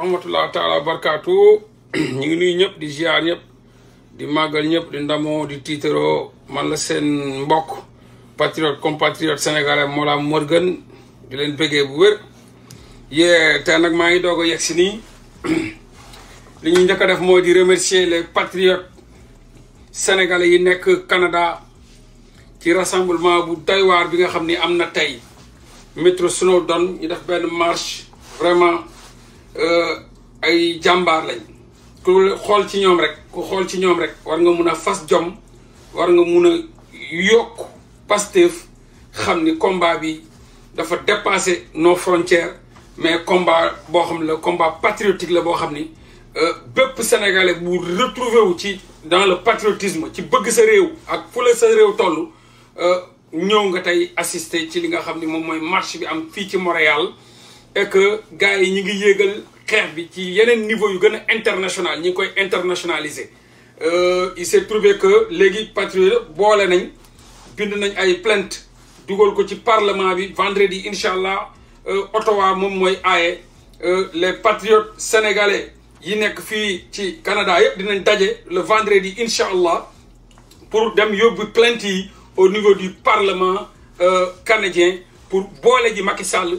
rahmatullah taala barkatu ñi ngi nuy ñep di ziar ñep di magal ñep di ndamo di titero man la sen mbokk patriote compatriote sénégalais mola morgan di len bëggé bu wër yé té nak ma ngi dogo a ni li ñu ñëk def moy di remercier les patriotes sénégalais yi nekk Canada ci rassemblement bu taywar bi nga xamni amna tay metro Snowdon ñu def ben marche vraiment Euh, ay jàmbaar lañ ku xool ci ñoom rek ku xool ci ñoom rek war nga mun a fas jom war nga mun a yokk Pastef xam ni combat bi dafa dépasser no frontières mais combat boo xam la combat patriotique la boo xam ni euh, bépp sénégalais bu retrouver wu ci dans le patriotisme ci bëgg sa réew ak fu la sa réew toll euh, ñëw nga tey assister ci li nga xam ni moom mooy marché bi am fii ci Montréal et que gars yi ñi ngi yéegal xeex bi ci yenen niveau yu gëna international ñi koy internationaliser euh, il s'est trouvé que légui patriote bolé nañ bind nañ ay plainte dugol ko ci parlement bi vendredi Inch'Allah, euh Ottawa moom mooy aaye euh, les patriotes sénégalais yi nekk fi ci Canada yépp dinañ daje le vendredi Inch'Allah, pour dem yóbbu plainte yi au niveau du parlement euh, canadien pour bolé ji Macky Sall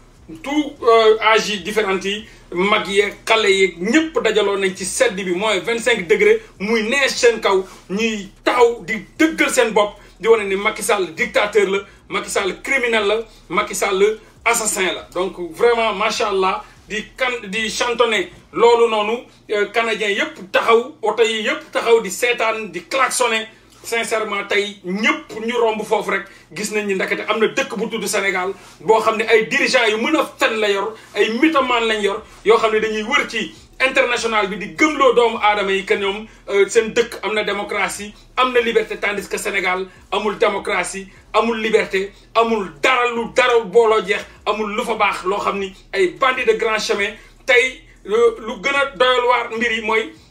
tout agit euh, différent, magie, yi mag yeeg xale yeeg nañ ci sedd vingt cinq degré muy kaw de di ni Macky Sall dictateur le Macky criminel Macky assassin donc vraiment macha di di nous euh, canadien taxaw ans di sincèrement tay ñëpp ñu romb nous rek gis nañ ni ndakate amna dëkk bu Sénégal dirigeants yu a la yor ay lañ yor dañuy wër ci international bi di doomu euh, seen dëkk démocratie amna liberté tandis que Sénégal amul démocratie amul liberté amul dara lu dara jeex amul lu fa de grand chemin tay euh, lu Nous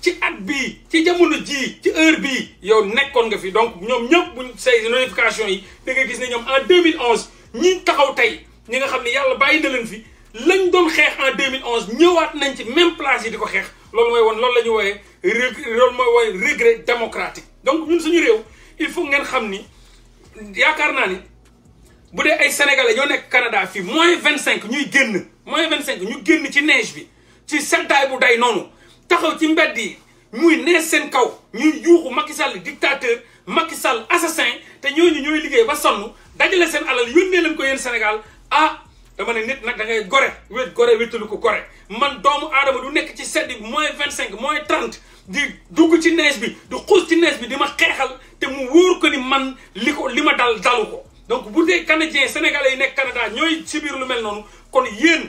ci at ci ci heure yow nga fi donc nous ñep une notification yi da nga gis ne en 2011 ñi taxaw tay ñi nga xamni yalla bayyi Nous leen fi lañ doon en 2011 ñëwaat nañ ci même place yi diko xex loolu loolu la vie. Nous avons regret démocratique donc ñun suñu réew il faut ngeen xamni yaakar naa ni bu dee ay sénégalais ñoo nekk Canada fii moins 25 ñuy génn moins 25 ñu génn ci neige bi ci bu day taxaw ci mbedd yi muy nees seen kaw ñuy yuuxu Macky Sall dictateur Macky Sall assassin te ñooñu ñooy liggéey ba sonn dajale seen alal yónnee lañ ko yéen Sénégal ah dama ne nit nag dangay ngay gore wét gore wétalu ko gore man doomu aadama du nekk ci sedd bi moins vingt cinq moins trent di dugg ci nees bi di xuus ci nees bi di ma xeexal te mu wóor ko ni man li ko li ma dal dalu ko donc bu dee canadien sénégalais yi nekk Canada ñooy si biir lu mel noonu kon yéen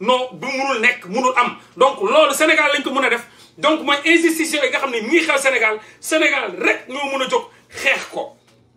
non bu munul nek munul am donc loolu Sénégal lañ ko mën def donc moy institution yi nga xamni ñi mi ngi xew Sénégal Sénégal rek ñoo mën jox xex ko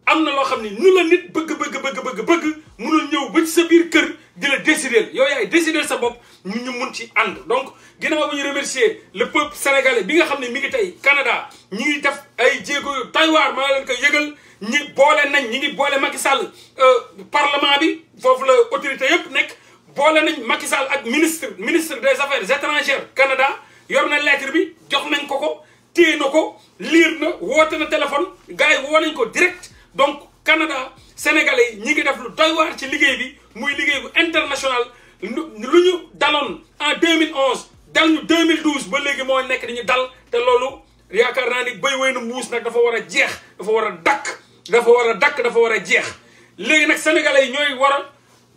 amna lo xamni ñu la nit bëgg bëgg bëgg bëgg bëgg munul ñëw ba ci sa biir kër di la décider yow yaay décider sa bop ñu ñu mën ci and donc ginnaaw bu ñu remercier le peuple sénégalais bi nga xamni mi ngi tay Canada ñi ngi def ay djégo taywar ma maa leen ko yëgal ñi boole nañ ñi ngi boole Macky Sall euh, parlement bi fofu la autorité yépp nekk boole nañ Macky ak ministre ministre des affaires étrangères Canada yor na lettre bi jox nañ ko ko téye na ko liir na woote na téléphone gars yi woo nañ ko direct donc Canada sénégalais yi ñi ngi def lu doy waar ci liggéey bi muy liggéey bu international lu ñu daloon en 2011 dal ñu 2012 ba léegi moo nekk dañu dal te loolu yaakaar naa ni béy wéy na mbuus nag dafa war a jeex dafa war a dakk dafa war a dakk dafa war a jeex léegi nag sénégalais yi ñooy war a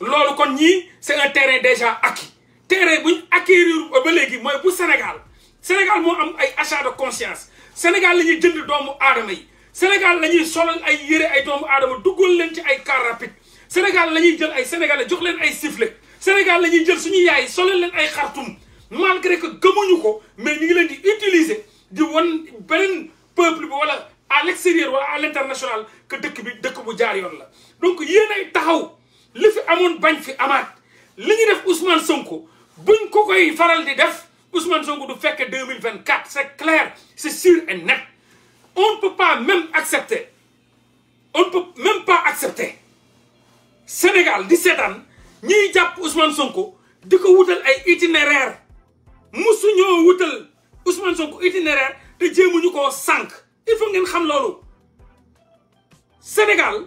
loolu kon ñii c'est un terrain déjà acquis terrain bu acquérir ba légui moy bu Sénégal Sénégal mo am ay achat de conscience Sénégal lañuy jënd doomu aadama yi Sénégal lañuy solo ay yéré ay doomu aadama duggal leen ci ay car rapide Sénégal lañuy jël ay sénégalais jox leen ay sifflet Sénégal lañuy jël suñu yaay solo leen ay khartoum malgré que gëmuñu ko mais ñu ngi leen di utiliser di won benen peuple bi wala à l'extérieur wala à l'international que dëkk bi dëkk bu jaar yoon la donc yéen ay taxaw li fi amone bagn fi amaat li def Ousmane Sonko buñ ko koy faral di def Ousmane Sonko du fekk que 2024. c'est clair c'est sûr et net on ne peut pas même accepter on ne peut même pas accepter Sénégal 17 ans, ñi japp Ousmane Sonko diko wutal ay itinéraire musuñu wutal Ousmane Sonko itinéraire te jéemuñu ko sank il faut ngeen xam lolu Sénégal.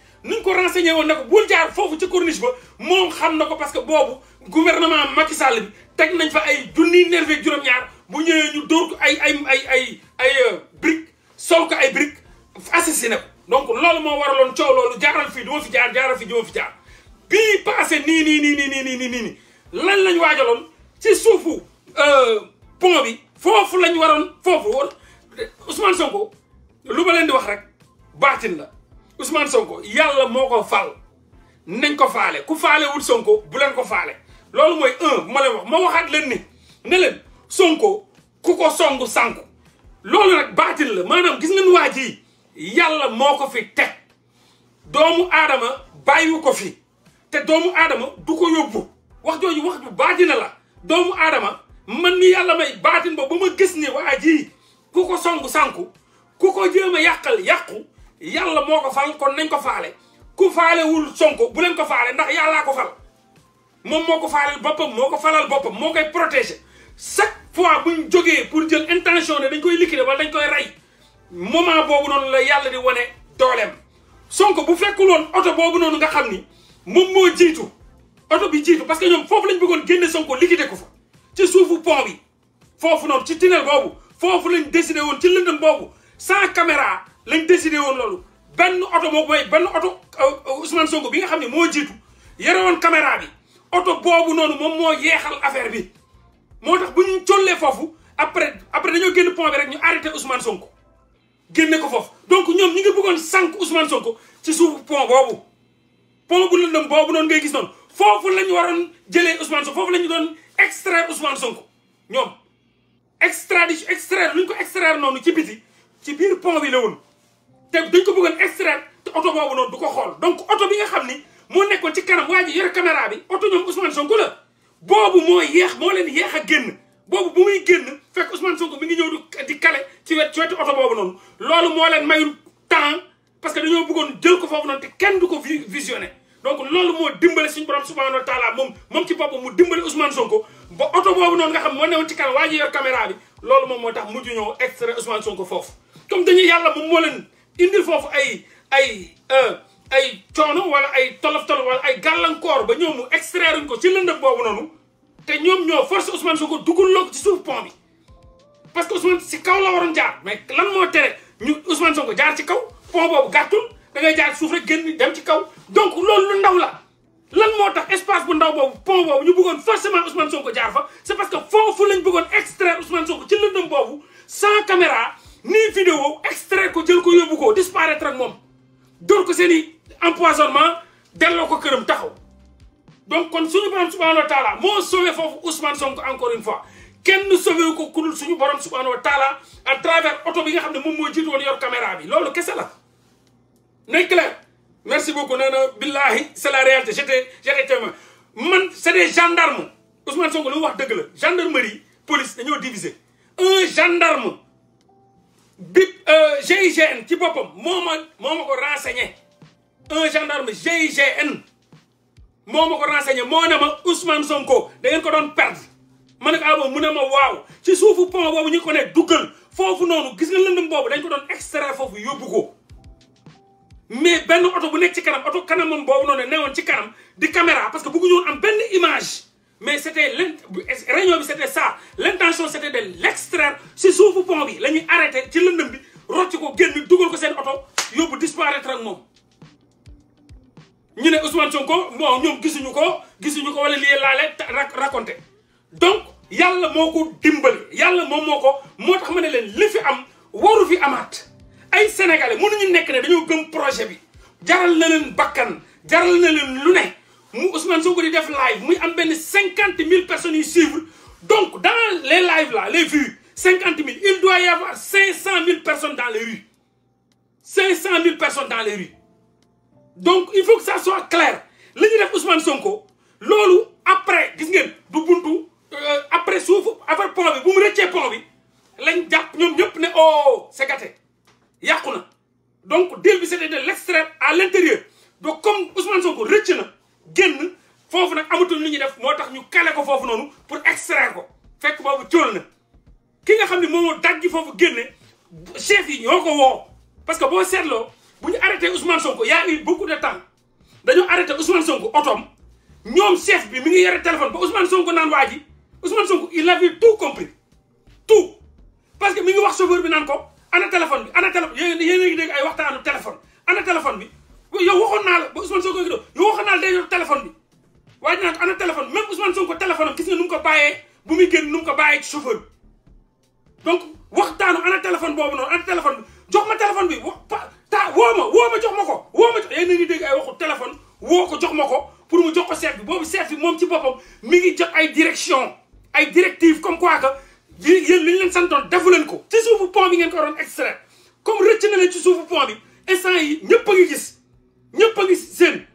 nuñ ko renseigné woon ne ko bul jaar foofu ci corniche ba moom xam na ko parce que boobu guvernement Macky Sall bi teg nañ fa ay junniy nerve juróom-ñaar bu ñëwee ñu dóor ko ay ay ay ay ay euh, brique ko ay brique assassiné ko donc loolu moo waraloon coow loolu jaaral fii du ma fi jaar jaaral fii du ma fi jaar bii passé nii nii nii nii nii nii nii lan lañ waajaloon ci suufu euh, pont bi foofu lañ waroon foofu woon Ousmane Sonko lu ma leen di wax rek baatin la Ousmane Sonko yàlla moo ko fal nañ ko faale ku faale wul Sonko bu leen ko faale loolu mooy bu ma leen wax ma waxaat leen ni ne leen Sonko ku ko songu sànku loolu nag baatil la maanaam gis ngeen waa ji yàlla moo ko fi teg doomu aadama bàyyiwu ko fi te doomu aadama du ko yóbbu wax jooju wax ju baatina la doomu aadama man mi yàlla may baatin ba ba ma gis ni waa ji ku ko songu sànku ku ko jéem a yàqal yàqu yàlla moo ko fal kon nañ ko faale ku faalewul sonko bu leen ko faale ndax yàllaa ko fal moom moo ko faaleel boppam moo ko falal boppam moo koy protéger chaque fois bu jógee pour jël intention dañ koy liquider wala dañ koy rey moment boobu noonu la yàlla di wane dooleem sonko bu fekkul woon oto boobu noonu nga xam ni moom moo jiitu oto bi jiitu parce que ñoom foofu lañ bëggoon génne sonko liquider ko fa ci suufu pont bi foofu noonu ci tunnel boobu foofu lañ décidé woon ci lëndëm boobu sans caméra lañ décidé woon loolu benn oto moo koy benn oto euh, euh, Ousmane Sonko bi nga xam ne moo jiitu yore woon caméra bi oto boobu noonu moom moo yeexal affaire bi moo tax bu ñu collee foofu après après dañoo você pont bi rek ñu arrêté Ousmane Sonko génne ko foofu donc ñoom ñi ngi bëggoon sànq Ousmane Sonko ci suufu pont boobu pont bu lëndëm boobu noonu ngay gis noonu foofu la ñu waroon jëlee Ousmane Sonko foofu la ñu doon extraire Ousmane Sonko ñoom extradition extraire lu ko extraire noonu ci biti ci biir pont bi la woon te dañ ko bëggoon extraire te oto boobu noonu du ko xool donc oto bi nga xam ni moo nekkoon ci kanam waa ji yore caméra bi oto ñoom Ousmane Sonko la boobu moo yéex moo leen yéex a génn boobu bu muy génn fekk Ousmane Sonko mi ngi ñëw di kale ci wet ci wetu oto boobu noonu loolu moo leen mayul temps parce que dañoo bëggoon jël ko foofu noonu te kenn du ko visionné donc loolu moo dimbale suñu borom subhanahu wa taala moom moom ci boppam mu dimbale Ousmane Sonko ba oto boobu noonu nga xam moo newoon ci kanam waa ji yor caméra bi loolu moom moo tax mujj ñëw extrait Ousmane Sonko foofu comme dañuy yàlla moom moo leen indil foofu ay ay euh, ay coono wala ay tolof tolof wala ay gàllankoor ba ñoom mu extraire ko ci lëndëm boobu noonu te ñoom ñoo force Ousmane Sonko duggul loo ko ci suuf pont bi parce que Ousmane si kaw la waroon jaar mais lan moo tere ñu Ousmane Sonko jaar ci kaw pont boobu gàttul da ngay jaar suuf rek génn dem ci kaw donc loolu lu ndaw la lan moo tax espace bu ndaw boobu pont boobu ñu bëggoon forcément Ousmane Sonko jaar fa c'est parce que foofu lañ bëggoon extraire Ousmane ko ci lëndëm boobu sans caméra ni vidéo extrait ko djel ko yobou ko disparaître ak mom dóor ko seen empoisonnement delloo ko keureum taxaw donc kon suñu borom subhanahu wa taala mo sauver fofu Ousmane Sonko encore une fois kenn sauver ko kudul suñu borom subhanahu wa taala à travers auto bi nga xam mom mo jitt won yor caméra bi lolou kese la n'est clair merci beaucoup nana billahi c'est la réalité j'étais j'étais témoin man c'est des gendarmes Ousmane Sonko lu wax deug la gendarmerie police dañoo divisé un gendarme euh, GIGN ci boppam me ma un gendarme GIGN ma renseigné je Ousmane Sonko da ngeen ko perdre Je ne que ah pas ne ma waaw ci suis pont boobu ñu ko ne mais ben oto bu nekk ci de oto kanamam boobu caméra parce que vous woon am image. mais c' était réunion bi c' était ça l' intention c' était de l' extraire si suufu pont bi la ñuy arrêté ci lëndëm bi rocc ko génn dugal ko seen oto yóbbu disparaître ak moom. ñu ne Ousmane Sonko bon ñoom gisuñu ko gisuñu ko wala lii laale raconté donc yàlla moo ko dimbali yàlla moom moo ko moo tax ma ne leen li fi am waru fi amaat ay sénégalais mënuñu nekk ne dañoo gëm projet bi jaral na leen bakkan jaral na leen lu ne. Ousmane Sonko fait def live, il y a 50 000 personnes qui suivent. Donc, dans les lives là, les vues, 50 000, il doit y avoir 500 000 personnes dans les rues. 500 000 personnes dans les rues. Donc, il faut que ça soit clair. Ce que Ousmane Sonko, Lolo après, vous voyez, euh, après souffle, après le pont, vous me retirez les il Ils disent dit, oh, c'est gâté. Il Donc, le c'était de l'extrême à l'intérieur. Donc, comme Ousmane Sonko retient, génn foofu nag amatul li ñuy def moo tax ñu kale ko foofu noonu pour extraire ko fekk boobu cóol na ki nga xam ne moom moo dagg foofu génne chef yi ñoo ko woo parce que boo seetloo bu ñu arrêté Ousmane Sonko y a eu beaucoup de temps dañoo arrêté Ousmane Sonko otoom ñoom chef bi mi ngi yore téléphone ba Ousmane Sonko naan waa ji Ousmane Sonko il avait tout compris tout parce que mu ngi wax chauffeur bi naan ko ana téléphone bi ana téléphone yéen a ngi dégg ay waxtaanu téléphone ana téléphone bi. yow waxoon naa la ba Ousmane Sonko yow waxoon naa la day yor téléphone bi waaye dinaa ana téléphone même Ousmane Sonko téléphone am gis nga num ko bàyyee bu mi génn num ko bàyyee ci chauffeur donc waxtaanu ana téléphone bobu non ana téléphone bi jox ma téléphone bi ta woo ma jox mako ko woo ma yéen ngi dégg ay waxu téléphone woo ko jox mako pour mu jox ko chef bi bobu chef bi mom ci bopam mi ngi jox ay direction ay directives comme quoi que yéen li ñu leen santone defu leen ko ci suufu pont bi ngeen ko waroon extrait comme rëcc na leen ci suufu pont bi instant yi ñëpp a gis ñëpp a ngi seen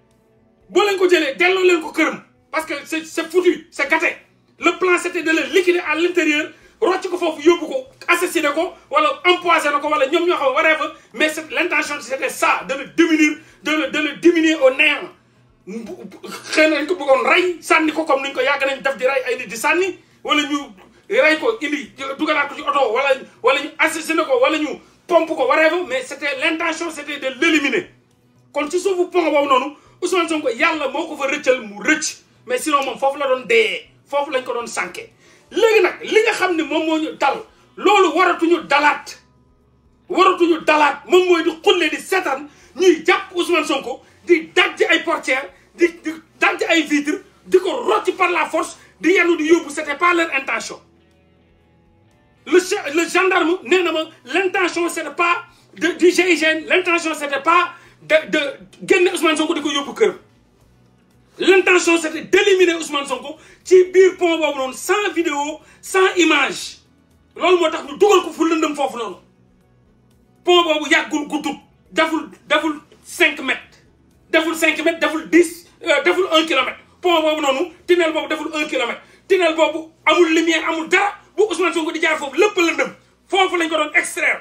bo leen ko jëlee delloo leen ko këram parce que c'est c'est foutu c'est gâté le plan c'était de le liquider à l'intérieur rocc ko foofu yóbbu ko assassiné ko wala empoisonné ko wala ñoom ñoo xam waree mais c'est l'intention c'était ça de le diminuer de le de le diminuer au néant xëy na ko bëggoon rey sànni ko comme ni ñu ko yàgg nañ def di rey ay nit di sànni wala ñu rey ko indi dugalaat ko ci oto wala wala ñu assassiné ko wala ñu pompe ko waree fa mais c'était l'intention c'était de l'éliminer quand kon ci suufu pont boobu noonu Ousmane Sonko Yalla, moo ko fa rëccal mu rëcc mais sinon moom foofu la doon dee foofu lañ ko doon sànke léegi nag li nga xam ne moom moo ñu dal loolu waratuñu dalaat waratuñu dalaat moom mooy di xulle di seetaan ñuy jàpp Ousmane Sonko di dajji ay portière, di di dajji ay vitres di ko rocci par la force di yenu di yóbbu c'était pas leur intention le le gendarme nee na ma l'intention c'était pas du GIGN l'intention c'était pas de gagner Ousmane Sonko de l'intention c'était d'éliminer Ousmane Sonko ci bir pour sans vidéo sans image tout moo ñu dugal ko fu Pour foofu il pont a yàggul il deful deful 5 mètres faut 5 mètres deful dix euh, deful un kilomètre pont tunnel faut un kilomètre tunnel amul lumière amul dara Ousmane Sonko di faut Il le lañ ko extraire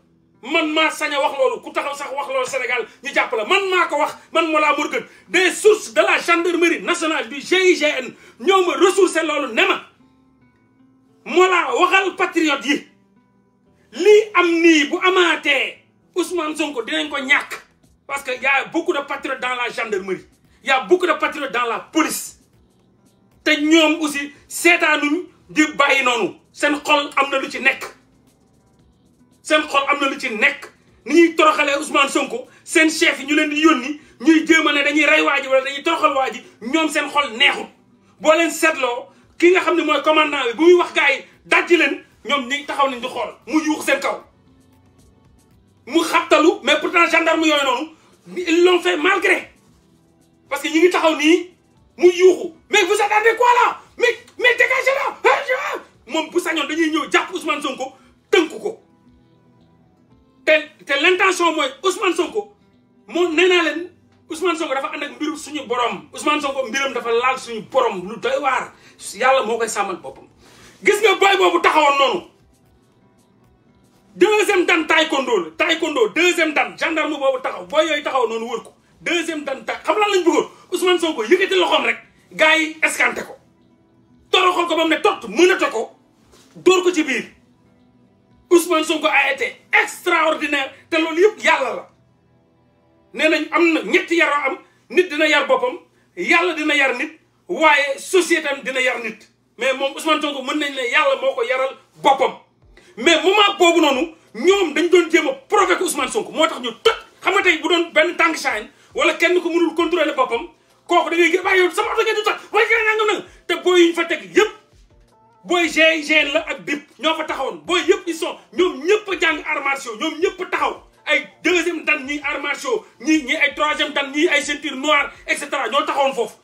man maa saña a wax loolu ku taxaw sax wax loolu Sénégal ñu jàpp man maa ko wax man Mollah Morgun des sources de la gendarmerie nationale du GIGN ñoo ma ressourcé loolu ne ma Mollah waxal patriote yi lii am nii bu amaatee Ousmane Sonko dinañ ko ñàkk parce que y a beaucoup de patriotes la gendarmerie y a beaucoup de patriotes dans la police te ñoom aussi seetaanuñ di bàyyi noonu seen xol am na lu ci nekk seen xol am na lu ci nekk ni ñuy toroxalee Ousmane Sonko seen chef yi ñu leen di yónni ñuy jéem ne dañuy rey waa ji wala dañuy toroxal waa ji ñoom seen xol neexut boo leen seetloo ki nga xam ne mooy commandant bi bu muy wax gars yi dajji leen ñoom ñi taxaw nañ di xool mu yuux seen kaw mu xabtalu mais pourtant gendarme yooyu noonu ils l'ont fait malgré parce que ñi ngi taxaw nii mu yuuxu mais vous attendez quoi là mais mais dégagez là moom bu sañoon dañuy ñëw jàpp Ousmane Sonko tënk ko te te l' intention mooy Ousmane Sonko moo nee naa leen Ousmane Sonko dafa ànd ak mbiru suñu borom Ousmane Sonko mbiram dafa laal suñu borom lu doy waar yàlla moo koy sàmmal boppam. gis nga boy boobu taxawoon noonu deuxième dan taekwondo la taekwondo deuxième dan gendarme boobu taxaw boy yooyu taxaw noonu wër ko deuxième dan ta xam lan lañ bëggoon Ousmane Sonko yëkkati loxoom rek gars yi escanté ko toroxal ko ba mu ne tott mënate ko dóor ko ci biir. Ousmane Sonko a été extraordinaire te loolu yëpp yàlla la nee nañ am na ñetti yaroo am nit dina yar boppam yàlla dina yar nit waaye société am dina yar nit mais moom Ousmane Sonko mën nañ ne yàlla moo ko yaral boppam mais moment boobu noonu ñoom dañ doon jéem a provoquer Ousmane Sonko moo tax ñu toj xam nga tey bu doon benn tànk chaine wala kenn ko mënul contrôler boppam kooku da ngay gis sama oto ngeen di toj waaye keneen nangam te booy yi ñu fa teg yëpp booy GIGN la ak BIP ñoo fa taxawoon booy yëpp ils sont ñoom ñëpp a jàng arts martiaux ñoom ñëpp taxaw ay deuxième dan ñii arts martiaux ñii ñii ay troisième dan ñii ay ceinture noire et cetera ñoo taxawoon foofu.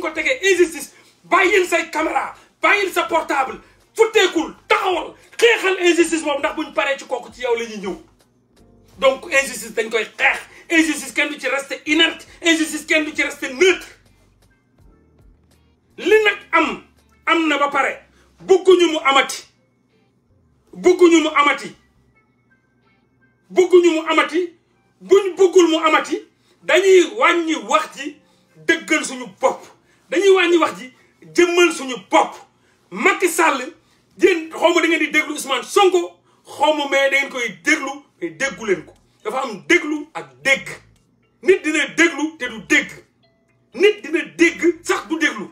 ko tegee injustice bàyyil say caméra bàyyil sa portable futteekul taxawal xeexal injustice moom ndax buñ paré ci kokku ci yow la ñew donc injustice dañ koy xeex injustice kenn du ci rester inerte injustice kenn du ci rester neutre li nak am am na ba paré bëgguñu mu amati bëgguñu mu amati bëgguñu mu amati buñ bëggul mu amati dañuy wàññi wax ji dëggal suñu bopp dañuy wàññi wax ji jëmmal suñu bopp Macky Sall yéen xaw ma da di déglu Ousmane Sonko xaw ma mais da koy déglu mais ko dafa am déglu dégg déglu te du dégg dina dégg sax du déglu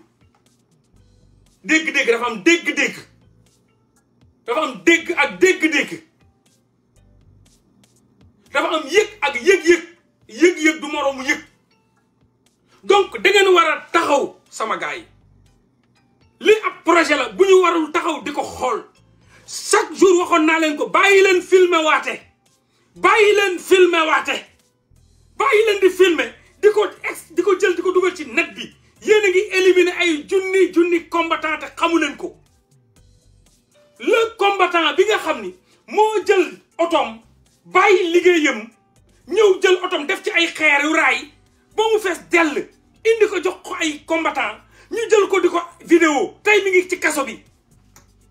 dégg dafa am dégg-dégg dafa am dégg ak dégg-dégg yég ak yëg-yëg yëg-yëg du moroomu yëg donc da ngeen war a taxaw sama gars yi li ab projet la bu ñu warul taxaw di ko xool chaque jour waxoon naa leen ko bàyyi leen filmer waate bàyyi leen filmer waate bàyyi leen di filmer di ko ex di ko jël di ko dugal ci net bi yéen a ngi ay junni junni combattant te xamu leen ko le combatant bi nga xam ni moo jël otoom bàyyi liggéeyam ñëw jël otoom def ci ay xeer yu raay ba mu fees dell indi ko jox ko ay combatant ñu jël ko di ko vidéo tey mi ngi ci kaso bi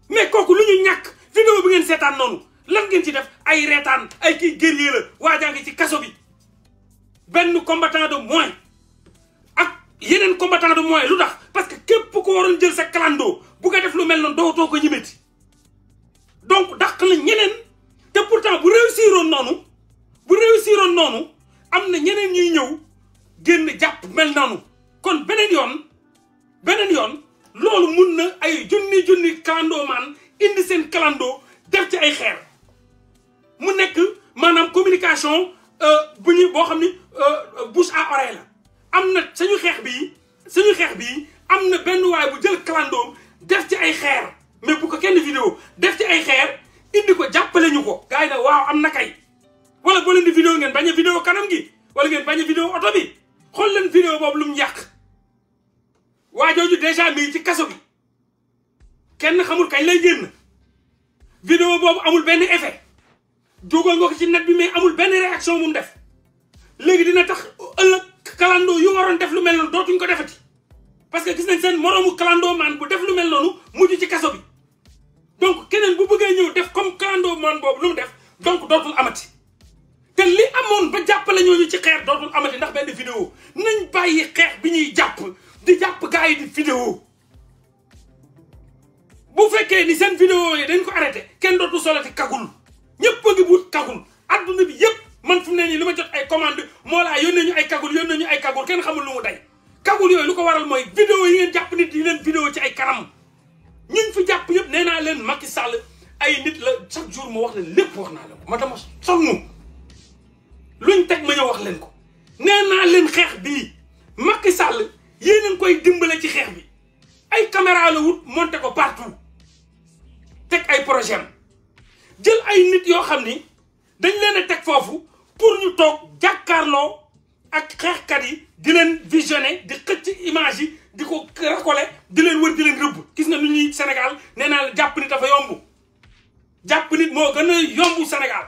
mais kooku lu ñu ñàkk vidéo bi ngeen seetaan noonu lan ngeen ci def ay reetaan ay kii guerrier la waajaa ngi ci kaso bi benn combattant de moins ak yeneen combattant de moins lu tax parce que képp ko waroon jël sa clando bu nga def lu mel noonu dootoo ko ñimeeti donc dàq la ñeneen te pourtant bu réussiroon noonu bu réussiroon noonu am na ñeneen ñuy ñëw génn jàpp mel noonu kon beneen yoon beneen yoon loolu mun na ay junni junni kalandoomaan indi seen kalandoo def ci ay xeer mu nekk maanaam communication euh, bu ñu boo xam ni euh, bouche à oreille la am na suñu xeex bii suñu xeex bii am na benn waay bu jël kalandoom def ci ay xeer mais bu ko kenn vidéo def ci ay xeer indi ko jàppale ñu ko gars yi nag waaw am na kay wala boo leen di vidéo ngeen bañ a kanam gi wala ngeen bañ a vidéo oto bi xool leen vidéo boobu lu mu yàq waa jooju déjà mi ngi ci kaso bi kenn xamul kañ lay génn vidéo boobu amul benn effet jógoon nga ko ci net bi mais amul benn réaction mu def léegi dina tax ëllëg kalandoo yu waroon def lu mel noonu dootuñ ko defati parce que gis nañ seen moroomu kalandoo maan bu def lu mel noonu mujj ci kaso bi donc keneen bu bëggee ñëw def comme kalandoo maan boobu lu mu def donc dootul amati te li amoon ba jàppale ñooñu ci xeex dootul amati ndax benn vidéo nañ bàyyi xeex bi ñuy jàpp di jàpp gars yi di vidéo bu fekkee ni seen vidéo yi dañ ko arrêté kenn dootu solati kagul ñëpp a ngi wut kagul adduna bi yëpp man fu mu ne nii li ma jot ay commande moo laa yónnee ñu ay kagul yónnee ñu ay kagul kenn xamul lu mu day yooyu lu ko waral mooy vidéo yi ngeen jàpp nit yi leen vidéo ci ay kanam ñun fi jàpp yëpp nee naa leen makki Sall ay nit la chaque jour mu wax ne lépp wax naa la luñ ce ma ñu wax leen ko leen xex dire Macky Sall koy ci xex bi ay caméra la wut monté partout tek ay projet ay nit yo xamni dañ leen tek fofu pour ñu tok jàkkaarloo ak yi di leen visionné di image di ko di leen wër di leen gis Sénégal Sénégal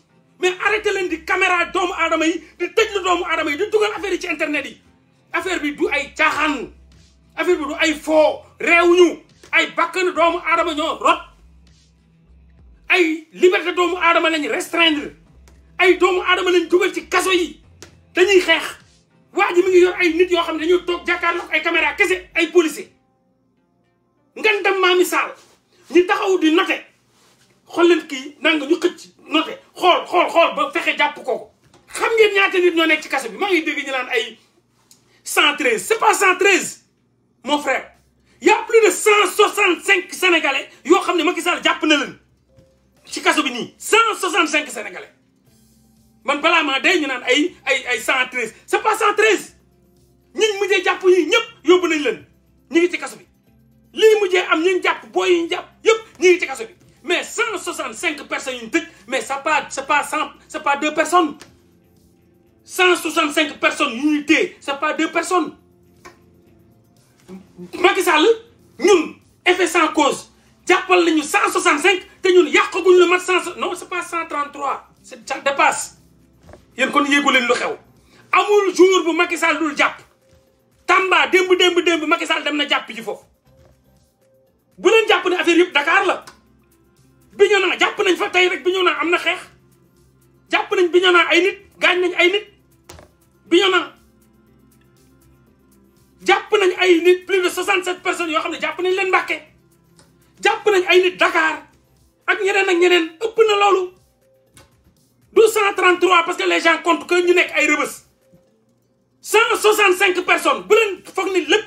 mais arrêté leen di caméra doomu aadama yi di tëj lu doomu aadama yi di dugal affaire yi ci internet yi affaire bi du ay caaxaan affaire bi du ay foo ñu ay bakkan doomu aadama ñoo rot ay liberté doomu aadama lañ restreindre ay doomu aadama lañ dugal ci kaso yi dañuy xeex waa ji mi ngi yor ay nit yoo xam ne dañoo toog jàkkaarloog ay caméra kese ay policier ngan dem maa misaal ñi taxaw di note xool ki nang ñu xëc noté xol xol xol ba fexé japp ko xam ngeen ñaata nit ñoo nekk ci kasse bi ma ngi dégg ñu naan ay 113 c'est pas 113 mon frère y a plus de 165 sénégalais yo xamné ne Macky Sall jàpp na leen ci kasse bi ni 165 sénégalais man balaa maa day ñu naan ay ay ay 113 c'est pas 113 ñiñ mujjee japp yi ñëpp yóbbu nañ leen ñi ngi ci kasse bi li mujjee am ñi ñu japp boy yi japp jàpp ñi ngi ci kasse bi mais 165 personnes une mais ça pas c'est pas c'est pas deux personnes 165 personnes unités, c'est pas deux personnes Macky Nous, ñun effet sans cause nous 165 nous, ñun yàqaguñu le mat 100 non c'est pas 133 c'est ça dépasse Nous lu xew amul jour bu Macky Sall dul Nous Tamba démb démb démb Macky Sall Nous affaire Dakar Bignona japp nañ fa tay rek nañ Bignona ay nit nañ ay nit nañ ay nit plus de 67 personnes yo japp nañ nañ ay nit Dakar ak ñeneen ak ñeneen na 233 parce que les gens comptent que ñu nek ay 165 personnes bu ni la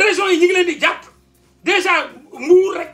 région yi ñi ngi di déjà Mbuur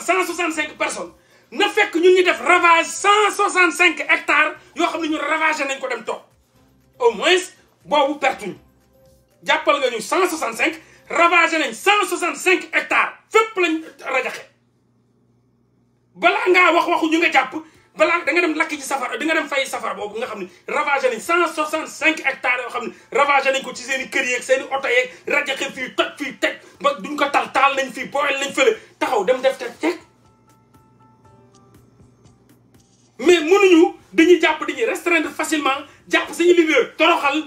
165 personnes, ne fait que nous devons ravage 165 hectares, nous devons ravager les gens. Au moins, vous perdez. Nous devons 165, ravager 165 hectares. Faites plein de ragages. Nous a gagné 165 hectares balaa da nga dem lakk ci safara da nga dem fay safara boobu nga xam ne ravagé nañ cent soixante cinq hectares yoo xam ne ravagé nañ ko ci seen i kër yeeg seen i oto yeeg rajaxe fii toj fii teg ba duñ ko tal taal nañ fii boyal nañ fële taxaw dem def teg teg mais mënuñu dañuy jàpp dañuy restreindre facilement jàpp sañu leader toroxal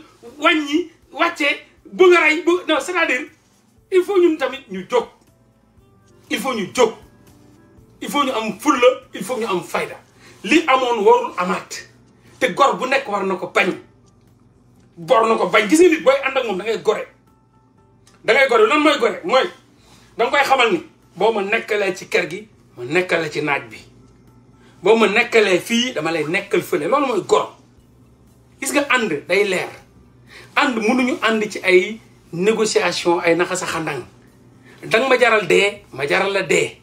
wàññi wàcce bu nga rey bu non c'est-à-dire il faut ñun tamit ñu jóg il faut ñu jóg il faut ñu am fulla il faut ñu am fayda li amoon warul amaat te gor bu nekk war na ko bañ bor na ko bañ gis nga nit booy ànd moom da ngay gore da gore lan mooy gore mooy danga koy xamal ni boo ma nekkalee ci kër gi ma nekkale ci naaj bi boo ma nekkalee fii dama lay nekkal fële loolu mooy gor gis nga ànd day leer ànd mënuñu ànd ci ay négociation ay naxa sa danga ma jaral dee ma jaral la dee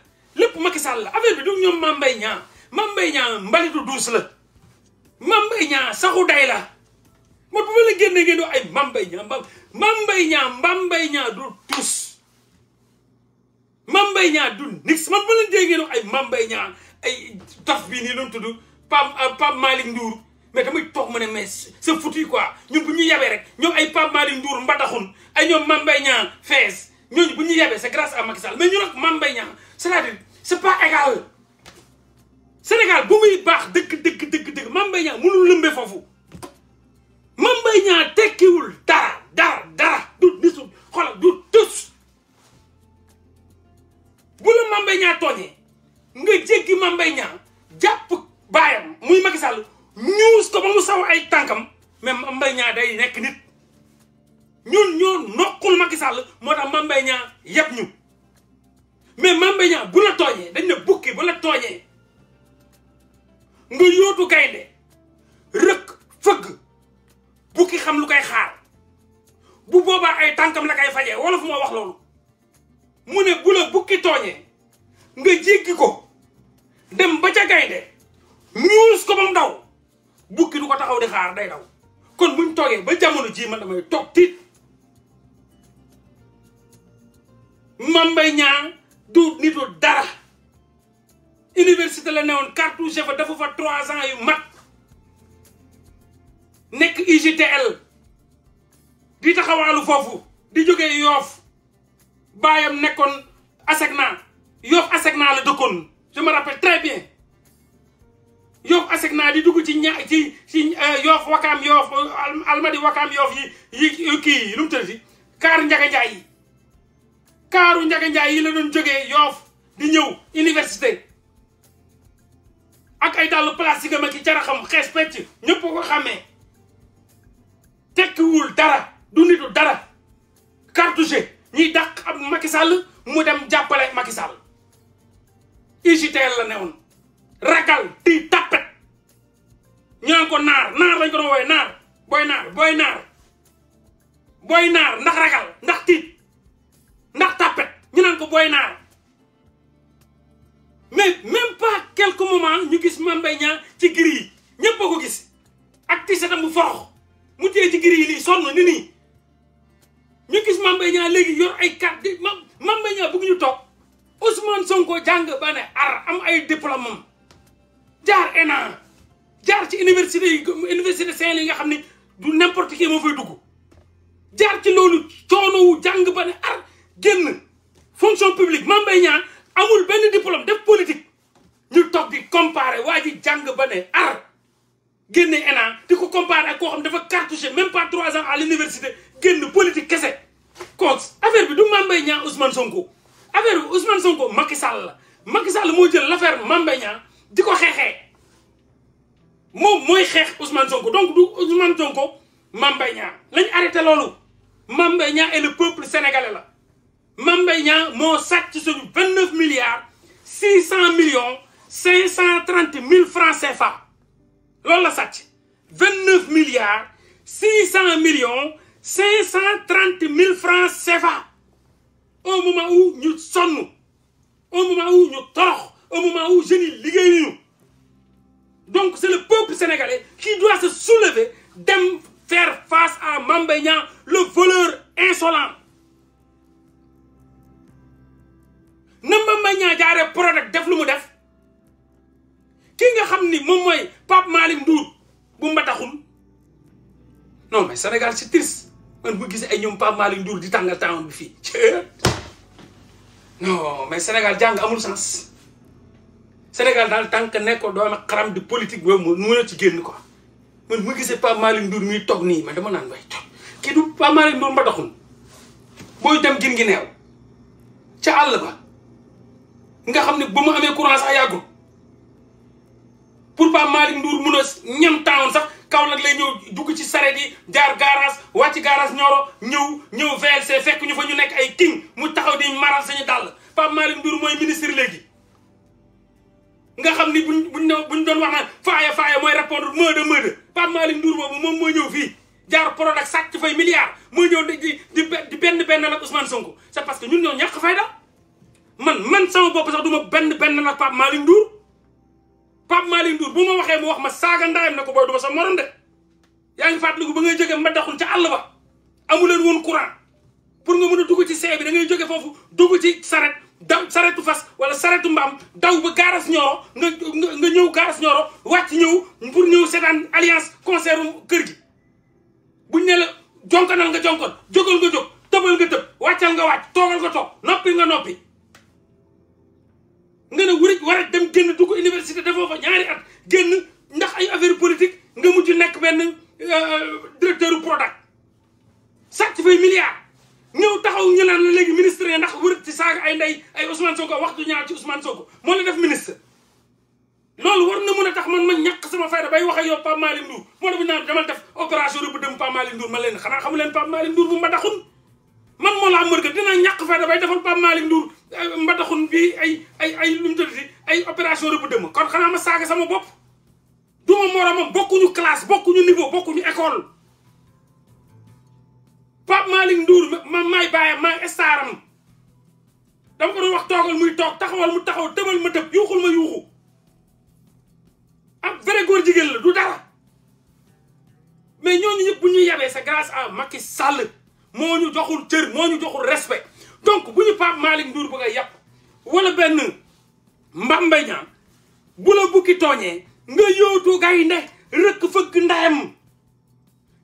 lépp Macky Sall la affaire bi du ñoom Mame Mbaye Niang Mame Mbaye Niang duus la Mame Mbaye Niang saxu day la man bu ma la génnee ngeen ay Mame Mbaye du ma la génnee ay Mame Mbaye Niang ay taf bii nii lu mu tudd Pape Pape Malick Ndour mais damay toog ma ne mais c'est foutu quoi ñun bu ñu yabee rek ñoom ay Pape Malick Ndour mbataxun ay ñoom Mame Mbaye Niang fees ñooñu bu ñu yabee c'est grâce à Macky Sall ñu nag Mame Mbaye c' pas égal Sénégal bu muy baax dëgg dëgg dëgg dëgg Mame Mbaye Niang mënul lëmbe foofu Mame Mbaye Niang tekkiwul dara dara dara du nisul xoolal du tus bu la Mame Mbaye Niang tooñee nga jéggi Mame Mbaye Niang jàpp baayam muy Macky Sall ñuus ko ba mu saw ay tànkam mais Mame Niang day nekk nit ñun ñoo noqul Macky Sall moo tax Niang yëpp ñu mais Mame Mbaye Niang bu la tooñee dañ ne bukki bu la tooñee nga yóotu gaynde rëkk fëgg bukki xam lu koy xaar bu boobaa ay tànkam la koy fajee wolof moo wax loolu mu ne bu la bukki tooñee nga jéggi ko dem ba ca gaynde ñuus ko ba mu daw bukki du ko taxaw di xaar day daw kon buñ toogee ba jamono jii man damay toog tiit Mame ñaan du nitu dara université la newoon cartouche fa dafa fa trois ans yu mat nekk UGTL di taxawaalu foofu di jógee yoof baayam nekkoon ASECNA yoof ASECNA la dëkkoon je me rappelle très bien yoof ASECNA di dugg ci ña ci ci euh, yoof wakaam yoof almadi wakaam yoof yi kii yi nu mu tëdd kaar njaga yi karu Ndiaga Ndiaye yi la doon jógee yof di ñew université ak ay dàll plastique ma ki jaraxam xees pecc ñëpp ko tekki wul dara du nitu dara cartouche ñi dak ab Macky Sall mu dem jappalé Macky Sall UGTL la néwon ragal di tapet ñu ko nar naar lañ ko do way naar boy naar boy naar boy nar ndax ragal ndax tit ndax tapet, ñu nan ko boy na mais même pas quelques moments ñu gis mam bay ñaan ci giri ñepp ñëpp ko gis ak tisetam bu forox mu tey ci giri li sonu ni ni ñu gis mam bay ñaan legi yor ay carte mam Mame Mbaye Niang bëgg ñu tok Ousmane Sonko jang bané ar am ay diplôme jaar ENA jaar ci université université Saint li nga xamni ni du n'importe qui mo fay dugg jaar ci lolu coono jang bané ar génn fonction publique Mame Mbaye Niang amul benn diplôme def politique ñu toog di comparer waa ji jàng ba ne ar génne ENA di ko comparer ak koo xam dafa cartouché même pas trois ans à l'université génn politique kese kooku affaire bi du Mame Mbaye Ousmane Sonko affaire bi Ousmane Sonko Macky Sall la Macky Sall moo jël l'affaire Mame Mbaye Niang di ko xeexee moom mooy xeex Ousmane Sonko donc du Ousmane Sonko Mame Mbaye lañ arrêté loolu Mame Mbaye et le peuple sénégalais la Mambé mon sac c'est 29 milliards, 600 millions, 530 000 francs CFA. Lola sac. 29 milliards, 600 millions, 530 000 francs CFA. Au moment où nous sommes, au moment où nous torts, au moment où je où nous. Donc c'est le peuple sénégalais qui doit se soulever, faire face à Mambé le voleur insolent. na Mame Mbaye Niang jaaree def lu mu def ki nga xamni mom moy pap Pape Malick Ndour bu taxul non mais Sénégal ci triste man bu gisee ay ñom pap Malick Ndour di tangal tàngam bi fi non mais Sénégal jang amul sens Sénégal dal tank que do na xaram di politique boobu mu ñu ci genn quoi man bu gisé pap Malick Ndour muy tok ni man dama nan way tok ki du Pape Malick Ndour taxul boy dem gin gi neew ci allah. ba nga xam bu ba mu amee courant sax yàggul pour pas malik Ndour mëna ñam taawon sax kaw nak lay ñew dugg ci saret yi jaar garage wàcc garage ñoro ñew ñew VLC fekk ñu fa ñu nek ay king mu taxaw di maral sañu dal pa malik Ndour moy ministre légui nga xamni buñ buñ doon wax na faaya faaya moy répondre meude meude pa malik Ndour bobu mom moo ñew fi jaar product sacc fay milliard mo ñew di di ben ben nak Ousmane Sonko c'est parce que ñun ñoo ñàkk fayda man man sama bopp sax du ma benn benn nag Pape Malick Ndour Pape Malick Ndour bu ma waxee mu wax ma saaga ndaayam ne ko booy du ma sa morom de yaa ngi fàttaliku ba ngay jógee ma daxul ca àll ba amuleen woon courant pour nga mën a dugg ci see bi da ngay jóge foofu dugg ci saret daw saretu fas wala saretu mbaam daw ba gaaras ñoro nga nga ñëw gaaras ñoro wàcc ñëw pour ñëw seetaan alliance concert kër gi buñ ne la jonkanal nga jonkon jógal nga jóg tëbal nga wàccal nga wàcc toogal nga toog noppi noppi nga ne wuri war a dem génn dugg université defoo fa ñaari at génn ndax ay affaire politique nga mujj nekk benn euh, directeur Prodac sàcc fay milliards ñëw taxaw ñu naan la léegi ministre yi ndax wër ci saaga ay ndey ay Ousmane Sonko waxtu ñaar ci Ousmane Sonko moo la def ministre loolu war na mën a tax man ma ñàkk sama fayda bay wax ak yow Pape Malick moo tax naan dama def opération rëbb dem ma xanaa xamu leen Pape Malick Ndour bu ma daxun man moo la am mër dinaa ñàkk fayda bay mbataxun bi ay ay ay lu mu ay opération rëbb dëmm kon xanaa ma saaga sama bopp duma moroomam bokkuñu classe bokkuñu niveau bokkuñu école Pape Malick Ndour ma may bàyyam maay staaram dama ko doon wax toogal muy toog taxawal mu taxaw tëbal ma tëb yuuxul ma yuuxu ab ah, vrai góor jigéen la du dara mais ñooñu ñëpp bu ñu yabee c'est grâce à Macky Sall moo ñu joxul cër moo ñu joxul respect donc bu ñu Pape Malick Ndour bëgg a wala benn mbambay ñaam bu la bukki tooñee nga yóotu gaynde rëkk fëgg ndayam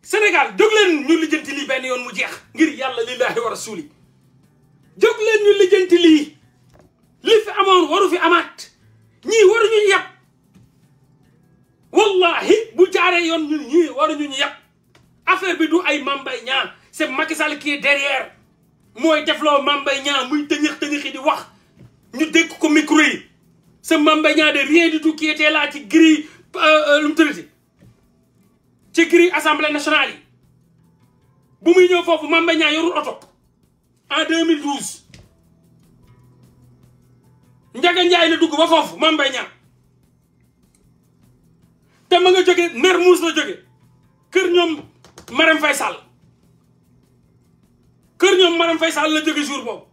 Sénégal jóg leen ñu lijjanti li benn yoon mu jeex ngir yàlla lillaahi wa rasuuli jóg leen ñu lijjanti lii li fi amoon waru fi amat, ñii waruñu ñu yàpp wallahi bu jaaree yoon ñun ñii waruñu ñu yàpp affaire bi du ay mambay ñaa c'est Macky Sall qui est derrière moy def lo mambay Niang muy tëñëx tëñëxi di wax ñu dekk ko micro yi ce mambay Mbaye de rien du tout qui était là ci euh, euh lu mu tëddati ci gri assemblée nationale bu muy ñëw fofu mambay Mbaye Niang yorul oto en 2012 ndaga Ndiaye la dugg ba fofu mambay Mbaye te ma nga mer Mermoz la joggé kër ñom maram Faye Sall kër ñom Marème Faye la jóge jour boobu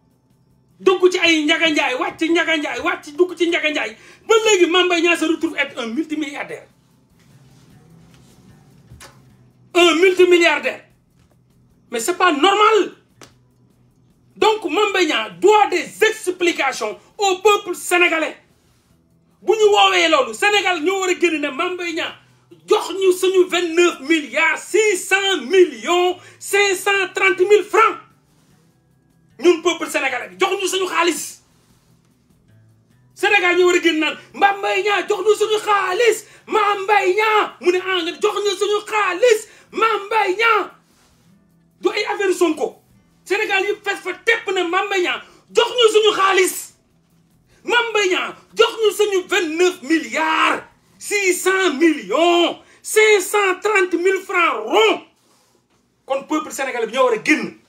dugg ci ay Ndiaga Ndiaye wacc Ndiaga Ndiaye wacc dugg ci Ndiaga Ndiaye ba légui se retrouve être un multimilliardaire un multimilliardaire mais c'est pas normal donc Mame Mbaye doit des explications au peuple sénégalais bu ñu woowee loolu Sénégal ñoo wara a né ne Mame jox ñu suñu 29 milliards 600 millions 530 000 francs ñun peuple sénégalais bi joxuñu suñu xaalis ñu war a génn naan Mame Mbaye Niang jox ñu suñu xaalis Mame mu ne ah jox ñu suñu xaalis Mame Mbaye Niang du ay affaire Sonko Sénégal yëpp fes fa tepp na Mame Mbaye jox ñu suñu xaalis Mame Mbaye Niang jox ñu suñu vingt neuf milliards six cent millions cinq cent trente mille francs rond kon peuple sénégalais bi ñoo war a génn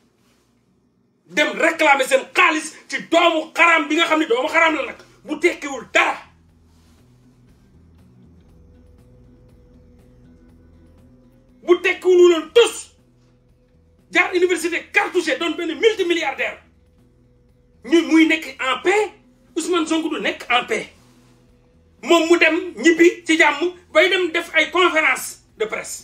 dem réclamer sen xaalis ci doomu xaram bi nga xamni doomu xaram la nak bu wul dara bu tekki wul non tous jaar université cartouché don ben multimilliardaire ñu muy nek en paix Ousmane Sonko du nek en paix mom mu dem ñibi ci jamm bay dem def ay conférence de presse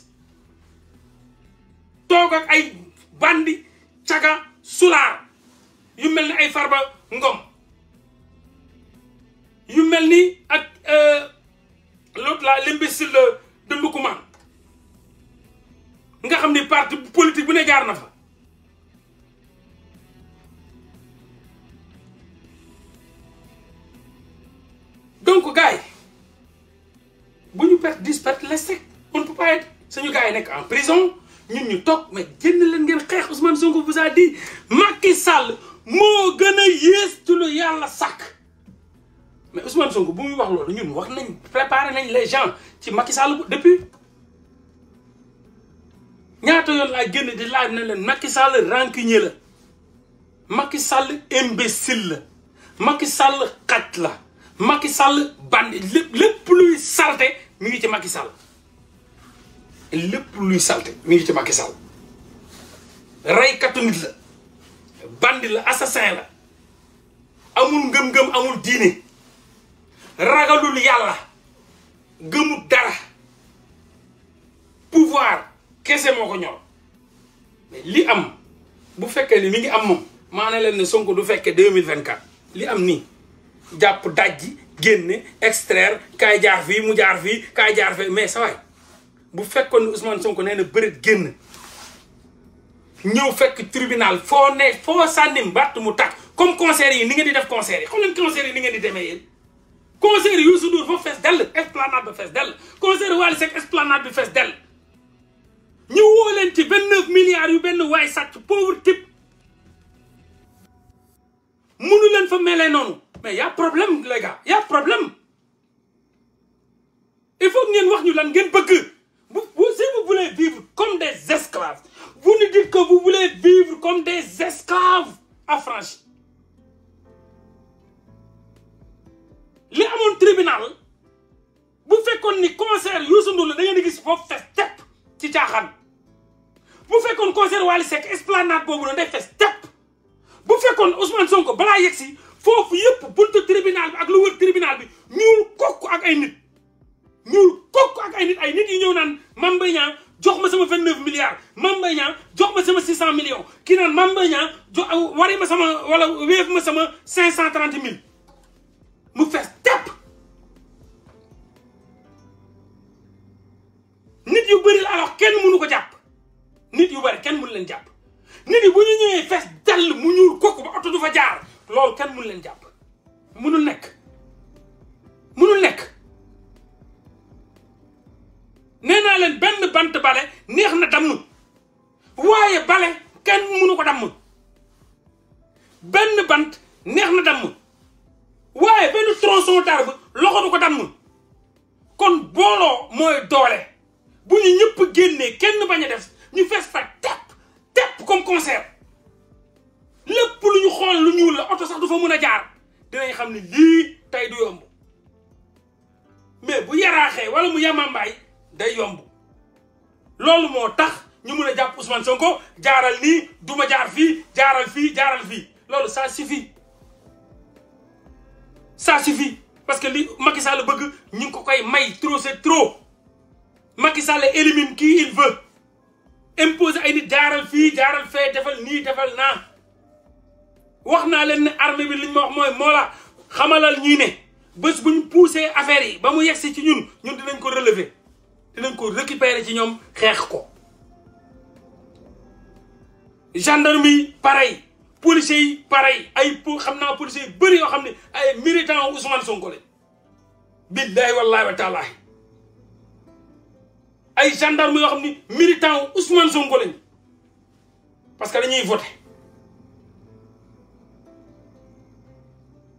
toog ak ay bandi caga sulaar yu melni ay Farba Ngom yu ni euh l'autre là l'imbécile de Ndoukoumane nga parti politique bu ne jaar na donc gars buñu perte on ne peut pas être gars en prison ñun ñu tok mais génn leen ngeen xeex Ousmane Sonko vous a dit Macky Sall moo gën a lu yàlla sàkk mais Ousmane Sonko bu muy wax loolu préparé les gens ci Macky depuis ñaata yoon laa génn di laaj Macky rancunier la Macky Sall imbécile la Macky Sall xaj la Macky Sall bandi lépp luy lépp luy salte mi ngi ci Macky Sall reykatu nit la bandi la assassin la amul ngëm-ngëm amul diine ragalul yàlla gëmul dara pouvoir kese moo ko ñor li am bu fekkee ni mu ngi am moom maa ne leen ne Sonko du fekkee deux mille vingt quatre li am nii jàpp dajji génne extraire kaay jaar fii mu jaar fii kaay jaar fii mais sa bu fekkoon Ousmane Sonko nee na nous fekk tribunal foo ne foo tribunal comme concert yi ni ngeen di def concert yi nous concert yi ni ngeen di esplanade de fees dell concert esplanade de fees Nous ñu 29 milliards yu benn Nous pauvre type munu fa non. mais y' a problème les gars y' a problème il faut ngeen wax vivre comme des esclaves. Vous nous dites que vous voulez vivre comme des esclaves affranchis. Les amont tribunal vous faites qu'on concert la tepp ci bu concert esplanade vous Ousmane Sonko si pour tribunal à ak tribunal Nous, nous, nous, jox ma sama 29 milliards Mame Mbaye Niang jox ma sama 600 millions kii naan Mame Mbaye Niang jox wari ma sama wala wéef ma sama 530 mille mu fees tepp nit yu bëri a alors kenn mënu ko jàpp nit yu bëri kenn mënu leen jàpp nit yi bu ñu ñëwee fees dell mu ñuul kooku ba oto du fa jaar loolu kenn mënu leen jàpp mënul nekk mënul nekk. nee naa leen benn bant bale neex na damm waaye bale kenn mënu ko damm benn bant neex na damm waaye benn tronçon d'arbre loxo du ko damm kon booloo mooy doole bu ñu ñëpp génnee kenn bañ a def ñu fees fa tepp tepp comme concert lépp lu ñu xool lu ñuul la oto sax du fa mën a jaar dinañ xam ne lii tey du yomb mais bu yaraaxee wala mu yamambaay day yomb loolu moo tax ñu mun a Ousmane Sonko jaaral nii duma jaar fii jaaral fii jaaral fii loolu ça suffit ça suffit parce que li Macky Sall bëgg ñu ngi ko koy may trop c'est trop Macky Sall élimine qui il veut imposer ay nit jaaral fii jaaral fee defal nii defal naa wax naa leen ne armée bi li ñu ma wax mooy moo xamalal ñuy ne affaire yi ba mu ci ñun ñun dinañ ko relever. dinañ ko récupérer ci ñom xex ko gendarmerie pareil policier pareil ay xamna policier naa yo xamni ay militant Ousmane Sonko lañ billahi wallahi wa taalaahi ay gendarme yo xamni militant militants Ousmane Sonko lañ parce que dañuy voter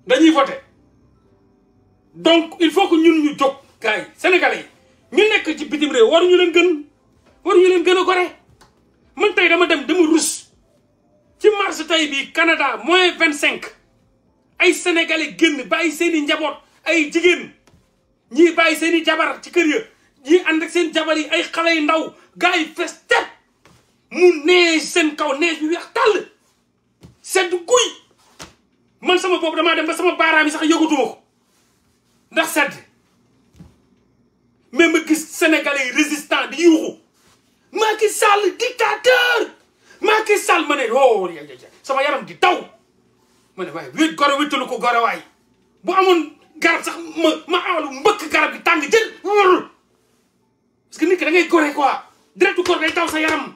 dañuy voter donc il faut que ñun ñu jóg gars sénégalais mi nekk ci bitim réew waruñu leen gën waruñu leen gën a gore man tey dama dem dama rus ci mars tey bii Canada moins vingt cinq ay sénégalais génn bàyyi seen i njaboot ay jigéen ñii bàyyi seen i jabar ci kër ya ñii ànd ak seen jabar yi ay xale yu ndaw gars yi fes teb mu neej seen kaw neej bi weex tàll sedd guy man sama bopp damaa dem ba sama baaraam yi sax yëgatuma ko ndax sedd mais ma gis sénégalais yi résistant di yuuxu Macky Sall dictateur Macky Sall ma ne oh sama yaram di taw ma ne waaye wét goro wéttalu ko goro waay bu amoon garab sax ma ma mbëkk garab gi tàng jël wóorul parce que nit ki da ngay gore quoi directu koor day taw sa yaram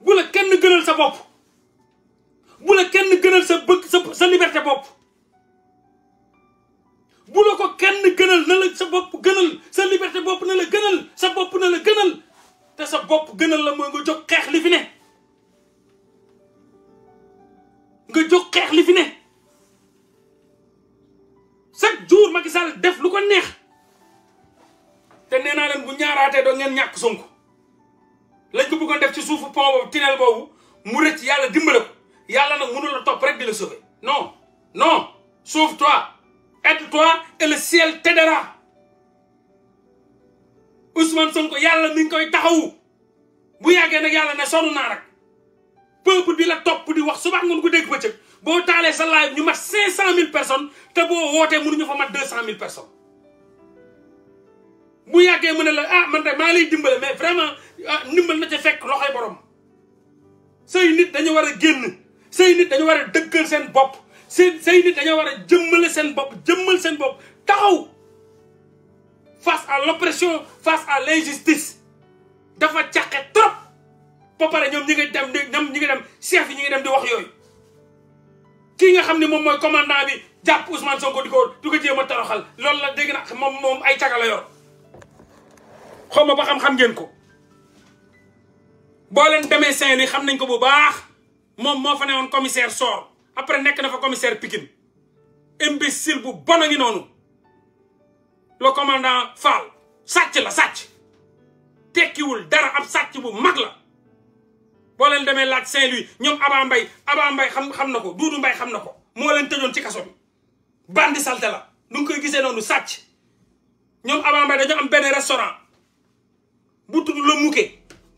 bu kenn gënal sa bopp bu kenn gënal sa bëgg sa sa liberté bopp bu la ko kenn gënal na la sa bopp gënal sa liberté bopp na la gënal sa bopp na la gënal te sa bopp gënal la mooy nga jóg xeex li fi ne nga jóg xeex li fi ne chaque jour Macky Sall def lu ko neex te nee naa leen bu ñaaraatee doo ngeen ñàkk Sonko lañ ko bëggoon def ci suufu pont boobu tunnel boobu mu rëcc yàlla dimbale ko yàlla nag mënu la topp rek di la sauver non non sauve-toi aide-toi et le ciel t'aidera Ousmane Sonko yàlla mi ngi koy taxawu bu yàggee nag yàlla ne sonn naa rek peuple bi la topp di wax suba ngoon ko dégg bëccëg boo taalee sa live ñu ma cinq cent mille personnes te boo wootee mënuñu fa mat deux cent mille personnes bu yàggee mu ne la ah man de maa lay dimbale mais vraiment ah, ndimbal na ca fekk loxoy borom say nit dañu war a génn say nit dañu war a dëggal seen bopp seen say nit dañoo war a jëmmale seen bopp jëmmal seen bopp taxaw face à l'oppression face à l'injustice dafa càqe trop ba pare ñoom ñi ngi dem ñoom ñi ngi dem chef yi ñi ngi dem di wax yooyu kii nga xam ne moom mooy commandant bi jàpp Ousmane Sonko di ko du ko jéem a toroxal loolu la dégg na moom moom ay caga la ma ba xam-xam ngeen ko boo leen demee saint yi xam nañ ko bu baax moom moo fa newoon commissaire sor après na commissaire Pikine imbécile bu bon le commandant Fall Satchela, la satch. tekiwul dara ab satch bu la Saint-Louis ñom Aba nous Aba mbay xam xam bandi salte la nu koy nonu Aba am restaurant bu Le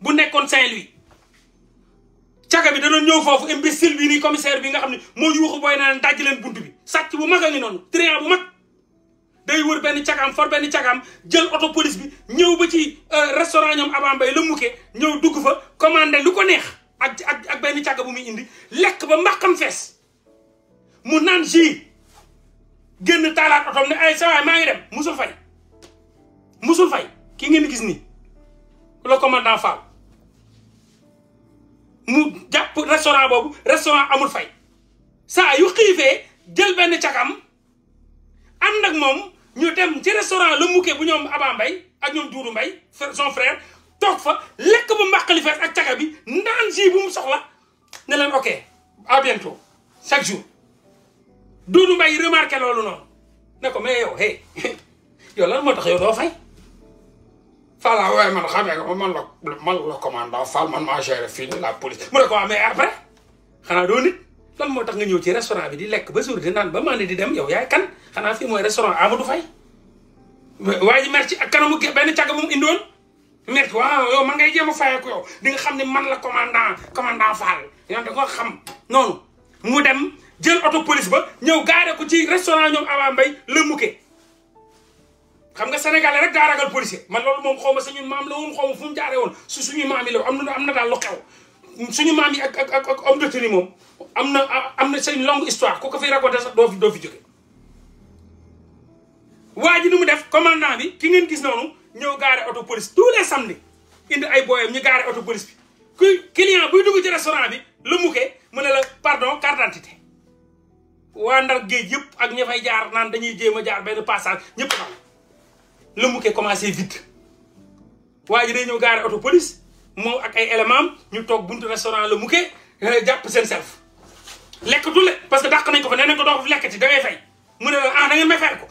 bu Saint-Louis caga bi dana ñëw foofu imbécile bi nii commissaire bi nga xam ne moo yuuxu booy naan daj leen bunt bi sàcc bu mag a ngi noonu trian bu mag day wër benn cagaam for benn cagaam jël auto police bi ñëw ba ci euh, restaurant ñoom Abba la mukkee ñëw dugg fa commandé lu ko neex ak ak ak benn càgg bu muy indi lekk ba mbaqam fees mu naan ji génn taalaat otom ne ay sawaay maa ngi dem musul fay musul fay ki ngeen gis nii le commandant Fall mu jàpp restaurant boobu restaurant amul fay saa yu xiifee jël benn cakam ànd ak moom ñu dem ci restaurant la mukkee bu ñoom Aba mbay ak ñoom Duudu Mbaye son frère toog fa lekk ba mbàqali fees ak caka bi naan ji bu mu soxla ne leen ok à bientôt chaque jour Duudu Mbaye remarqué loolu noonu ne ko mais yow hey yow lan moo tax yow doo fay Falla waaye man xam nga man la man la commandant Fall man maa géré fii nii la police mu ah, xanaa doo nit lan moo tax nga ñëw ci restaurant bi di lekk ba suur naan ba maane di dem yow yaay kan xanaa fii mooy restaurant Amadou Faye waa ji mer ci ak kanamu benn càgg mu indoon mer ci waaw yow man ngay a fayee ko yow nga xam ne man la commandant commandant Fall yow da nga xam noonu mu dem jël auto police ba ñëw gaare ko ci restaurant ñoom Awa Mbaye la muke xam nga sénégalais rek daa ragal policier man loolu moom xaw ma suñu maam la woon xaw ma jaaree woon su suñu maam yi la am na am daal lu suñu maam yi ak ak ak ak homme na am na c'est une longue histoire ku ko fiy doo fi doo waa ji nu mu def commandant bi ki ngeen gis noonu ñëw gaare auto police tous les ay booyam ñu gaare auto police bi ku client ne la pardon carte d'identité waa ndar géej yëpp ak ña fay jaar naan dañuy jéem a jaar benn passage ñëpp xam le Mouquet commencé vite waa ji day ñëw gaare auto police moom ak ay élément ñu toog buntu restaurant le Mouquet euh, jàpp seen self lekk dule parce que dàq nañ ko fa nee nañ ko doo ah, ko fi mu ko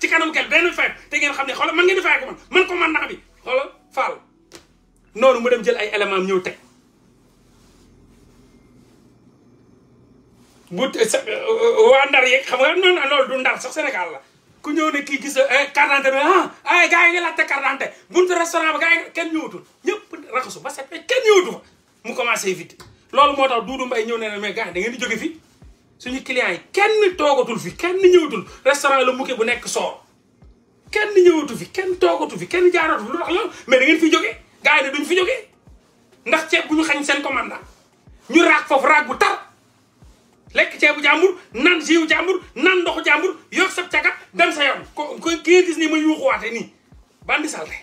ci kanam kenn day na te ngeen xam ne xoolal man ngeen di fay ko man ko man nax bi xoolal faal mu dem jël ay élément ñëw teg bu euh, euh, waa ndar yeeg xam nga noonu loolu du ndar sax Sénégal la ku ñëw ne kii gis quarante ah ay gars yi ngi laajte carte d'identité buntu restaurant ba gars yi kenn ñëwatul ñëpp raxasu ba set kenn ñëwatu fa mu commencé vite loolu moo tax Doudou Mbaye ñëw ne ne mais gars yi da ngeen di jóge fi suñu clients yi kenn toogatul fi kenn ñëwatul restaurant la mukke bu nekk soor kenn ñëwatu fi kenn toogatu fi kenn jaaratu fi lu tax mais da fi jóge gars yi ne duñ fi jóge ndax ceeb bu ñu xañ seen commandant ñu raak foofu raak bu tar lek ceebu jamur nan jiw jamur nan doho jamur yok sa cagat dem sa yoon ko ki gis ni ma yuuxuwaate ni bandi salte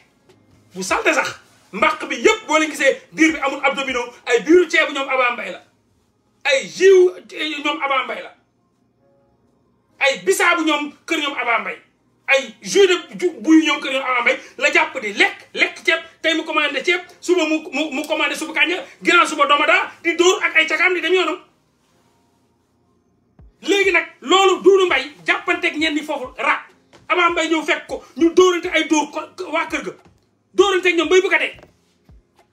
bu salté sax mbaq bi yëpp bo len gisé biir bi amul abdomino ay biiru ceebu ñom abaa mbay la ay jiw ñom abam mbay la ay bisaabu ñom kër ñom abam mbay ay jeu de bu ñom kër ñom abam mbay la japp di lek lek ceeb tay mu commandé ceeb suba mu mu commandé suba kanya ginnaaw suba domada di dor ak ay cakaam di dem léegi nag loolu Doudou Mbaye jàppanteeg ñenn ñi foofu raak Ama mbay ñëw fekk ko ñu dóorante ay dóor waa kër ga dóoranteeg ñoom bay bu a dee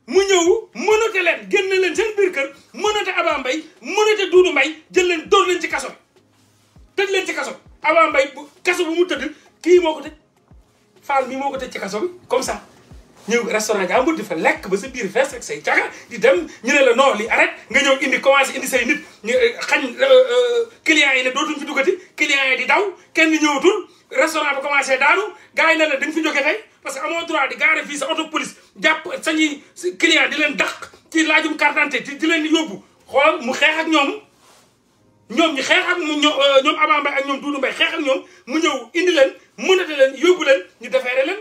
mu ñëw mënate leen génne leen seen bir kër mënate Ama mbay mënate Doudou mbay jël leen dóor leen ci kaso bi tëj leen ci kaso bi Ama Mbaye bu kaso bu mu tëdd kii moo ko tëj Fall mi moo ko tëj ci kaso bi comme ça ñëw restaurant jàmbur di fa lekk ba sa biir fees ak say caga di dem ñu ne la non li arrêt nga ñëw indi commencé indi say nit ñu euh, xañ euh, euh, yi ne dootuñ fi duggati clients yi di daw kenn ñëwatul restaurant ba commencé daanu gars yi ne la dañ fi jóge parce que amoo droit di gaare fii sa auto police jàpp sañuy client di leen dàq ci laajum carte d'identité di leen yóbbu xool mu xeex ak ñoom ñoom ñu xeex ak ñoom Abba ak ñoom Doudou Mbaye xeex ak ñoom mu ñëw indi leen mënate leen yóbbu leen ñu defeere leen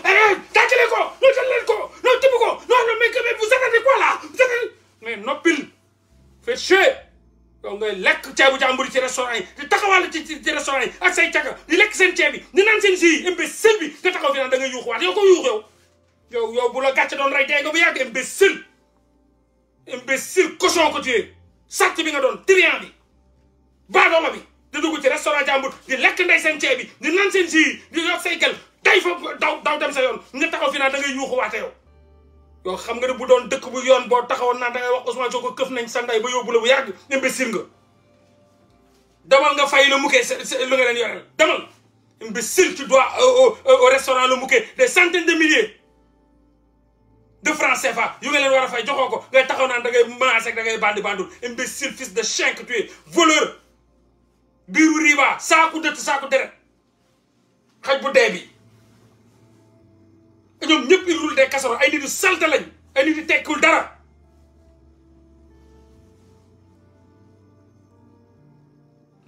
lekk ceebu jàmbur yi ci restaurant yi di taxawal ci ci restaurant yi ak say caga di lekk seen ceeb yi di naan seen jus yi imbécile nga taxaw fi naan da ngay yuux waat yow ko yuux yow yow bu la gàcce doon rey dee nga bu ko tué sàcc bi nga doon trian bi baadoola bi di dugg ci restaurant jàmbur di lekk ndey seen ceeb yi di naan seen jus yi di yokk say gel day fa daw daw dem sa yoon nga taxaw fi naan da ngay yuuxu waate yow yow xam nga ne bu doon dëkk bu yoon boo taxawoon naan da wax wax Ousmane ko këf nañ sa ndey ba yóbbu la bu yàgg imbécile nga demal nga fay le Mouquet lu nga leen yoreel demal imbécile tu dois au restaurant le Mouquet des centaines de milliers de francs CFA yu nga war a fay joxoo ko taxaw naan da ngay menacer ak da ngay bandi bandul imbécile fils de chien que voleur biiru riba saaku dëtt saaku deret xaj bu dee bi ñoom ñëpp ils roulent des casseroles ay nit yu salte lañ ay nit yu tekkul dara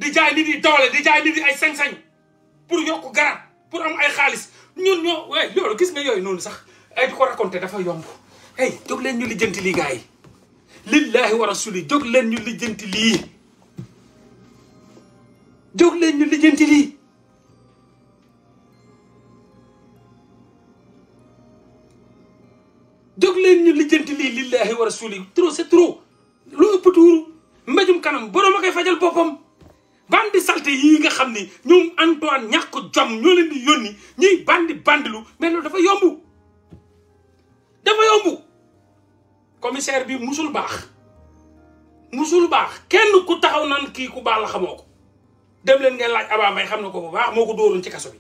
li jaay nit yi doole di jaay nit yi ay sañ-sañ pour yokk garab pour am ay xaalis ñun ñoo waaye loolu gis nga yooyu noonu sax ay di ko raconté dafa yomb hey jóg leen ñu lijjanti lii gars yi lillahi wa rasuli jóg leen ñu lijjanti lii jóg leen ñu lijjanti lii jóg leen ñu lijjanti lii lillahi wa rasuli trop c'est trop lu ëpp tuuru mbéjum kanam borom a koy fajal boppam bandi salté yii nga xam ni ñoom Antoine ñàkk jom ñoo leen di yónni ñuy bandi bandilu mais loolu dafa yomb dafa yomb commissaire bi musul baax musul baax kenn ku taxaw naan kii ku baax la xamoo ko dem leen ngeen laaj Aba Mbaye xam na ko bu baax moo ko dóoroon ci kaso bi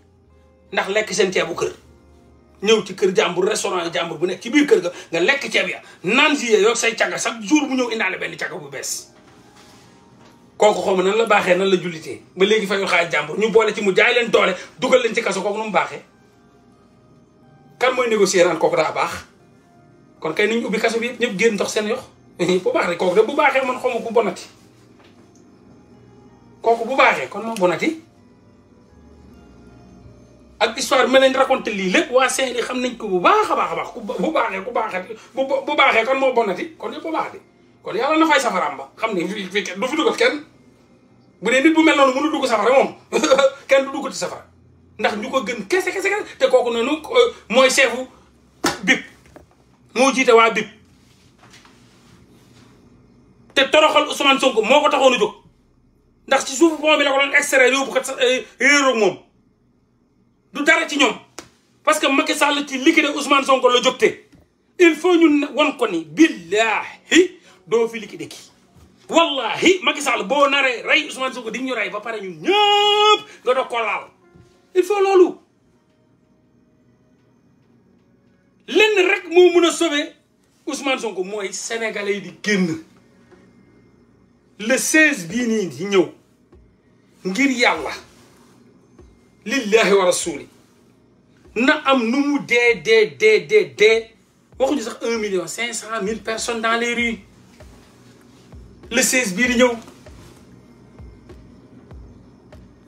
ndax lekk seen ceebu kër ñëw ci kër jàmbur restaurant jàmbur bu nekk ci biir kër ga nga lekk ceeb ya naan si yow say cagga chaque jour bu ñëw indaale benn cagga bu bees kooku xaw ma nan la baaxee nan la jullitee ba léegi fayul xaalis jàmbur ñu boole ci mu jaay leen doole dugal leen ci kaso kooku nu mu baaxee kan mooy négocier naan kooku daa baax kon kay nañ ubbi kaso bi yëpp génn ndox seen yox bu baax rek kooku de bu baaxee man xaw ma ku bonati bu baaxee kon moom bonati ak histoire bi ma leen raconté lii lépp waa Saint-Louis xam nañ ko bu baax a baax a baax bu baaxee ku baaxati bu baaxee kon moo bonati kon yëpp bu baax de kon yàlla na fay safaraam ba xam ne du fi duggat kenn bu dee nit bu mel noonu mënu dugg safara moom kenn du duggati safara ndax ñu ko gën kese kese kese te kooku noonu euh, mooy chefu bib moo jiite waa bib te toroxal Ousmane Sonko moo ko taxoon a jóg ndax ci suufu pont bi la ko doon extrait yóbbu ko euh, réeroog moom du dara ci ñoom parce que Macky Sall ci liquider Ousmane Sonko la jógte il faut ñu won ko ni billahi Don't fi liki wallahi Macky Sall boo naree Ousmane Sonko di ñu ba paré ñun ñëpp nga do ko il faut l'Olou. lenn rek sauver Ousmane Sonko sénégalais di le 16 bi ni di ñëw ngir lillahi wa na am nu mu million cinq personnes dans les rues le 16 bii di ñëw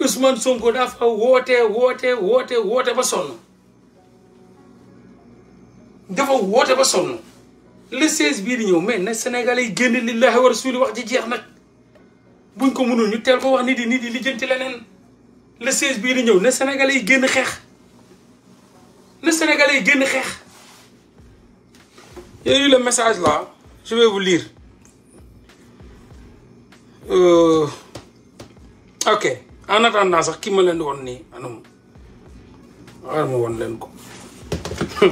Ousmane Sonko dafa woote woote woote woote ba sonn dafa woote ba sonn le 16 bii di ñëw mais na Sénégalais yi génn lillahi wa rasuli wax ji jeex nag buñ ko mënul ñu teel ko wax nit yi nit yi lijjanti leneen le 16 bii di ñëw na Sénégalais yi génn xeex na Sénégalais yi génn xeex. yooyu le message là je vais Euh, ok en attendant sax ki ma leen woon nii anam xaaral ma leen ko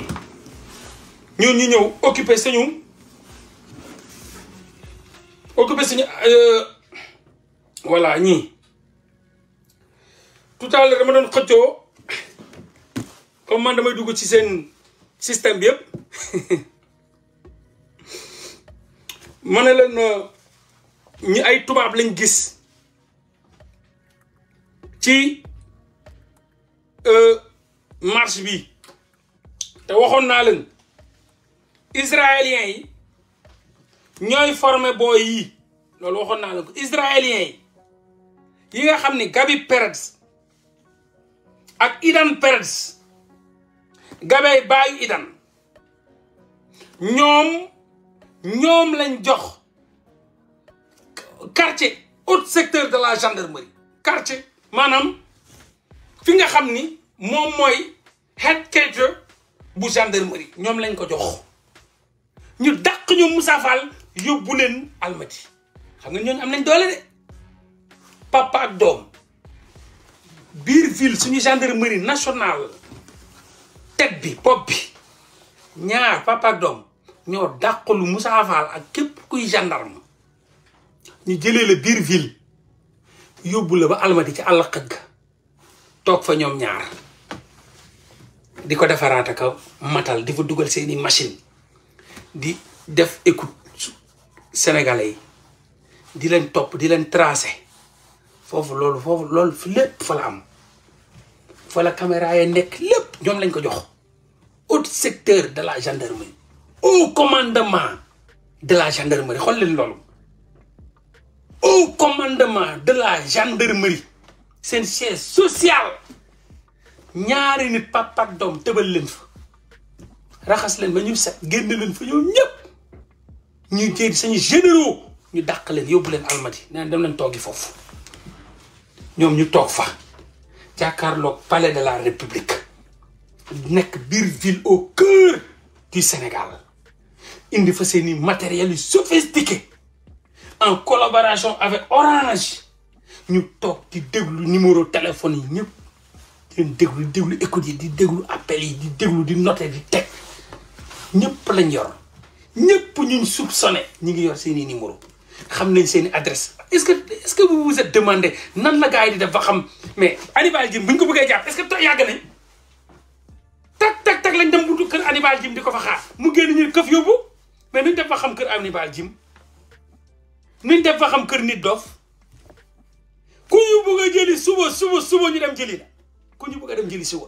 ñun ñu ñëw occuper suñu occuper suñu euh, voilà ñi tout à l'heure dama xëccoo comme man damay dugg ci seen système bi yëpp ma ne leen. Euh, ñi ay tubaab lañ gis ci euh, marche bi te waxoon naa leen israéliens yi ñooy forme booy yi loolu waxoon naa leen ko israéliens yi yi nga xam ni Gabi Peretz ak Idan Peretz Gabey baayu Idan ñoom ñoom lañ jox quartier autre secteur de la gendarmerie quartier maanaam fi nga xam ni moom mooy head quartier bu gendarmerie ñoom lañ ko jox ñu dàq ñu Moussa Fall yóbbu leen almati xam nga ñooñu am nañ doole de papa ak doom biir ville suñu gendarmerie nationale teg bi bopp bi ñaar papa doom ñoo dàqalu Moussa Fall ak képp kuy gendarme ñu jëlee la biir ville yóbbu la ba almadi ci àll toog fa ñoom ñaar di ko defaraat ak matal di fa dugal seeni machine di def écoute sénégalais di leen topp di leen tracé foofu loolu foofu loolu fi lépp fa la am fa la caméra nekk lépp ñoom lañ ko jox haut secteur de la gendarmerie au commandement de la xol xool leen loolu au commandement de la gendarmerie seen siège social ñaari nit papa ak doom tëbal leen fa raxas leen ba ñu set génn leen fa ñoom ñëpp ñu jéem ñu dàq leen yóbbu leen almadi nee dem leen toogi foofu ñoom ñu toog fa jàkkaarloog palais de la république nekk biir ville au cœur du Sénégal indi fa seeni matériels yu sophistiqué en collaboration avec Orange ñu toog di déglu numéro téléphone yi ñëpp di déglu déglu écoute yi di déglu appel yi di déglu di noter di teg ñëpp lañ yor ñëpp ñuñ soupçonné ñu yor seeni numéro xam nañ adresse est-ce que est-ce que vous vous êtes demandé nan la gars yi di def ba mais Hannibal Djim buñ ko bëggé japp est-ce que yag nañ tak tak tak lañ dem buntu kër Hannibal Djim di ko fa xaar mu génn ñu keuf yobu mais ñu def ba xam kër Hannibal Djim nuñ def fa xam kër nit dof ku ñu bëgg a jëli suba suba suba ñu dem jëli la ku ñu bëgg a dem jëli suba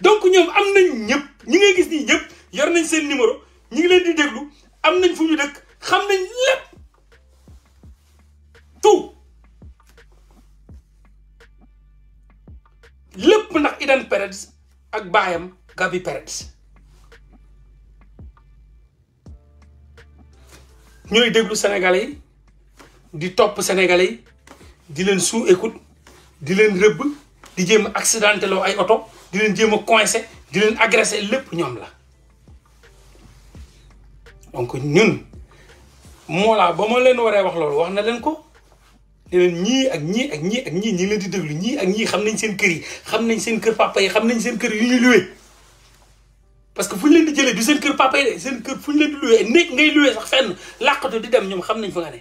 donc ñoom am nañ ñëpp ñi ngay gis nii ñëpp yor nañ seen numéro ñu ngi leen di déglu am nañ fu ñu dëkk xam nañ lépp tout lépp ndax Idan Perez ak baayam Gabi Perez ñooy déglu senegal yi di topp sénégalais yi di leen sous écoute di leen rëbb di jéem a accidenté loo ay oto di leen jéem a di leen agressé lépp ñoom la donc ñun moo laa ba ma leen waree wax loolu wax na leen ko ñii ak ñii ak ñii ak ñii ñi leen di déglu ñii ak ñii xam nañ seen kër yi xam nañ seen kër papa yi xam nañ seen kër yi ñuy luwee parce que fu ñu leen di jëlee du seen kër papa yi de seen kër fu ñu leen di luwee néeg ngay luwee sax fenn làqatu di dem ñoom xam nañ fa nga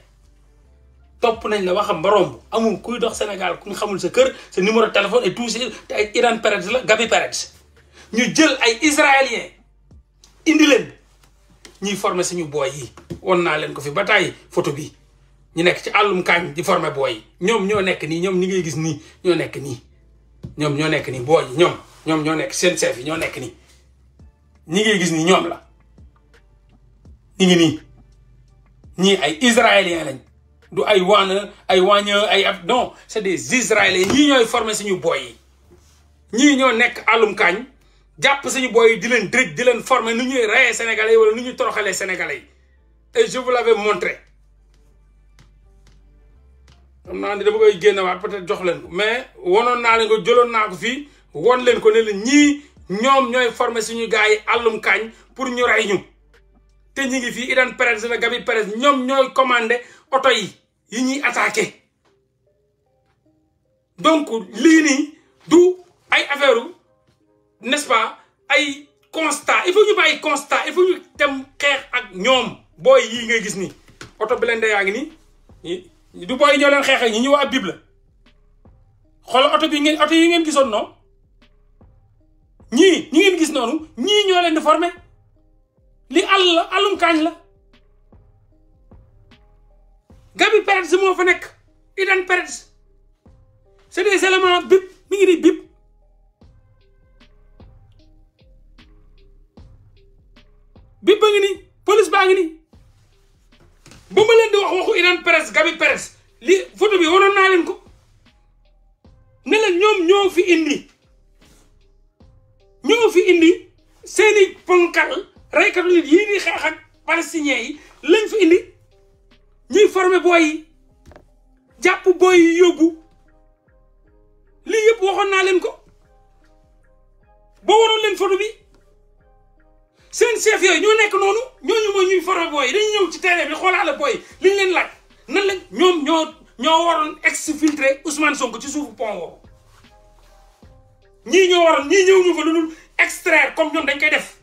topp nañ la waxam ba romb amul kuy dox Sénégal ku xamul sa kër sa numéro téléphone et tout ça te ay Iran Peretz la Gabi Peretz ñu jël ay israéliens indi leen ñuy former suñu booy yi won naa leen ko fi ba tàyyi photo bi ñu nekk ci àllum kaañ di forme booy ñoom ñoo nekk nii ñoom ñi ngay gis nii ñoo nekk nii ñoom ñoo nekk nii booy yi ñoom ñoom ñoo nekk seen chef yi ñoo nekk nii ñi ngay gis nii ñoom la ñi nii ñii ay israéliens lañ du ay ay ay non c'est des israéliens qui ont former suñu boy yi ñoo nek suñu boy di leen di leen former nu ñuy sénégalais wala ñuy sénégalais et je vous l'avais montré xam dama koy peut-être jox mais wonon na leen ko jëlon naa ko won leen ko ne ñi ñom ñoy former suñu pour ñu ray ñu ngi Gabi commandé ils ont attaqué donc lii du ay n'est-ce pas ay constat il faut ñu bàyyi constat il faut ñu ont fait ak ñom Ils yi ngay gis nii Ils ont fait ngi ni du ont ñoo leen ñi ñu wa bible xol ont bi ngeen auto yi ngeen fait noonu ñi ngeen gis nonu ñi ñoo ont di li Ils ont fait Gabi Peretz moo fa nekk Idan Peretz c'est des éléments bip mi ngi nii bip bip ba ngi nii police baa ngi nii ba ma leen di wax waxu Idan Peretz Gabi Peretz li photo bi naa leen ko ne ñoom ñoo fi indi ñoo fi indi seeni ponkal reykatu nit yii di xeex ak yi lañ fi indi ñuy forme booy yi jàpp booy yi yóbbu lii yëpp waxoon naa leen ko boo waroon leen photo bi seen chef yooyu ñoo nekk noonu ñooñu mooy ñuy former booy yi dañuy ñëw ci terrain bi xoolaale booy yi leen laaj na lañ ñoom ñoo ñoo waroon exfiltré Ousmane Sonko ci suufu pont woowu ñii ñoo waroon ñii ñëw ñu fa lu dul extraire comme ñoom dañ koy def.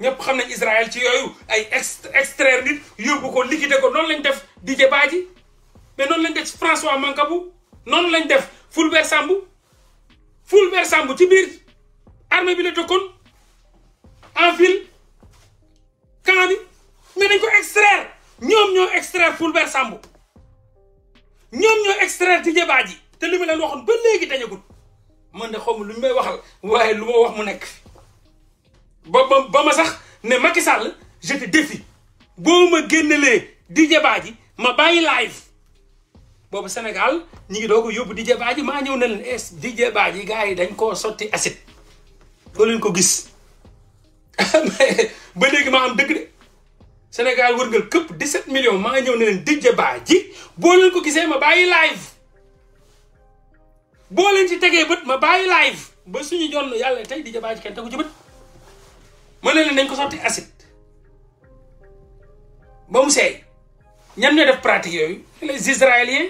ñépp xam nañ Israël ci yooyu ay extraire nit yóbbu ko liquider ko noonu lañ def Didier Badji mais noonu lañ def François Mancabou noonu lañ def Fulbert Sambou Fulbert Sambou ci biir armée bi la te kon ville camp bi mais dañ ko extraire ñoom ñoo extraire Fulbert Sambou ñoom ñoo extraire Didier Badji te li ma leen waxoon ba léegi dañagul mën de xaw ma lu ñu may waxal waaye lu ma wax mu nekk. ba ma sax ne Macky Sall je te défie boo ma génnelee Didier Badji ma bàyyi live boobu Sénégal ñi ngi doo ko yóbbu Didier Badji maa ñëw ne leen es eh, Didier Badji gars yi dañ koo sotti acide doo leen ko gis ba léegi ma am dëgg de Sénégal wërngal këpp 17 millions maa ñëw ne leen Didier Badji boo leen ko gisee ma bàyyi live boo leen ci tegee bët ma bàyyi live ba suñu jonn yàlla tey Didier Badji kenn tegu ci bët mën na leen nañ ko sotti acide ba mu seey ñan ñoo def pratique yooyu les israéliens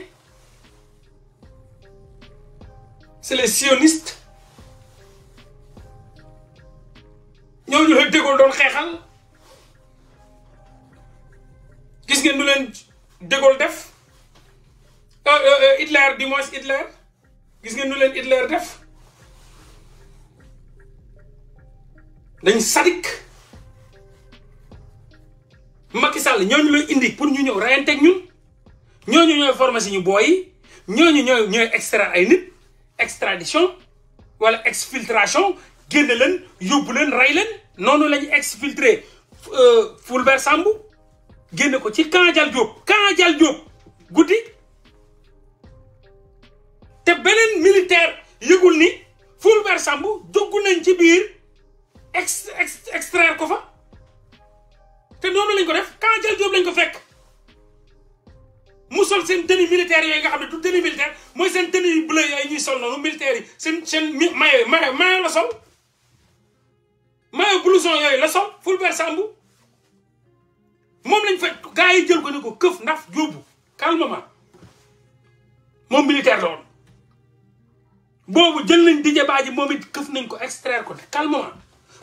c'est les sionistes ñooñu la dégool doon xeexal gis ngeen nu leen dégool def euh, euh, euh, Hitler du moins Hitler gis ngeen nu leen Hitler def dañ sadik Macky Sall ñu lay indi pour ñu ñëw de ñun ñoo ñu extra ay nit extradition wala exfiltration génne leen yóbbu leen rey leen exfiltré euh, Fulbert Sambou ko ci Camp Diop Camp Diop guddi te beneen militaire Fulbert Sambou nañ ci biir extraire ko fa té lañ ko def quand Jalle Diop lañ ko fekk sol militaire nga tenue militaire moy sen tenue bleu yooyu ñuy sol militaire yi sen seen maillot maillot la sol maillot blouson yoy la sol Fulbert Sambou mom lañ fekk gaay yi ko ne ko keuf ndaf calmement un militaire la woon boobu jël nañ nañ ko extraire ko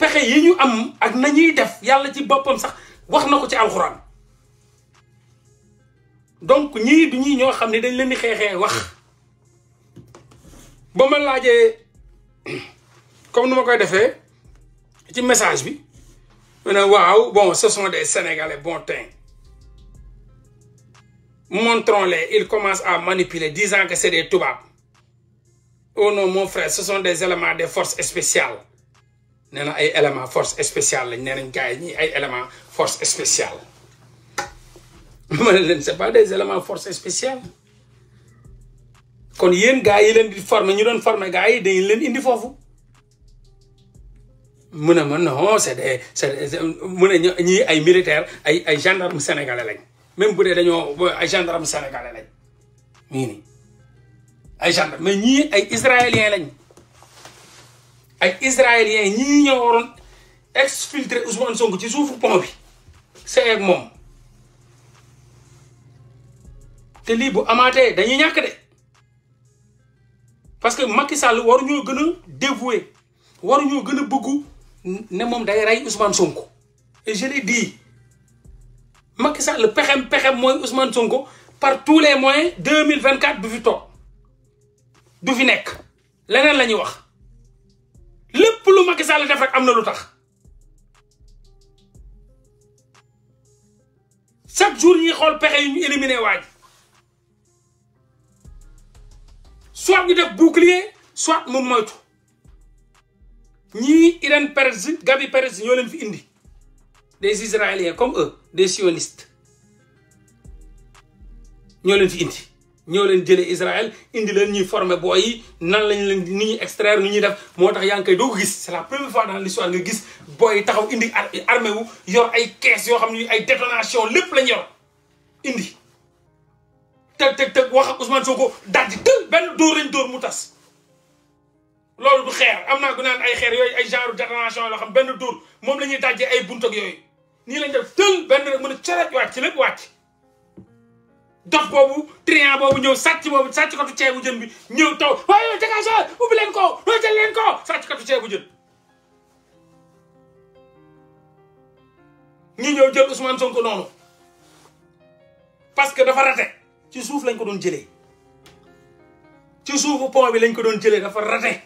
pexe yi ñu am ak nañuy def yàlla ci boppam sax wax na ko ci alxuraan donc ñii du ñii ñoo xam ne dañ leen di xeexee wax ba ma laajee comme nu ma koy defee ci message bi ont ne waaw bon ce sont des sénégalais bon teint montrons-les ils commencent à manipuler disant que c'est des tubaab oh non mon frère ce sont des éléments des forces spéciales nee na ay élément force spéciale lañ nee nañ gars ñii ay élément force spéciale ma ne leen c'est pas des éléments force spéciale kon yéen gars yi leen di former ñu doon former gars yi dañu leen indi foofu mun a ma non c'est des c'est mu ne ñii ay militaire ay ay gendarme sénégalais lañ même bu dee dañoo ay gendarme sénégalais lañ mu ay gendarme mais ñi ay israélien lañ ay israéliens ñii ñoo waroon exfiltrer Ousmane Sonko ci suufu pont bi c'est avec mom té li bu amaté dañuy ñak dé parce que Macky Sall waru ñu gëna dévoué waru ñu gëna bëggu né mom day ray Ousmane Sonko et je l'ai dit Macky Sall pexem pexem moy Ousmane Sonko par tous les moyens 2024, mille du fi toog du fi nek lénen lañuy wax lepp lu Macky Sall def rek am na lu tax chaque jour ñuy xool pexe yu ñu éliminer waaj soit ñu def bouclier soit mu moytu ñii Irène Perez Gabi Perez ñoo leen fi indi des israéliens comme eux des sionistes ñoo leen fi indi ñoo leen jëlee Israël indi leen ñuy formé boy yi nan lañ leen ni ñuy extraire ni ñuy def moo tax yaa ngi koy doo ko gis c' est la première fois dans l'histoire nga gis boy yi taxaw indi armée wu yor ay caisse yoo xam ne ay détonation lépp lañ yor indi. te te te wax ak Ousmane Sonko daal di tël benn dóor lañ dóor mu tas loolu du xeer am naa gu naan ay xeer yooyu ay genre détonation yoo xam benn dóor moom la ñuy dajjee ay buntu ak yooyu nii lañ def tël benn rek mën a cërëj wàcc lépp wàcc dox boobu trian boobu ñëw sàcc boobu sàcc katu bu jeun bi ñew taw waaye dégagé ubbi len ko jël len ko sàcc katu bu jeun ñi ñew jël Ousmane Sonko nonu parce que dafa raté ci souf lañ ko doon jëlé ci suufu pont bi lañ ko doon jëlé dafa raté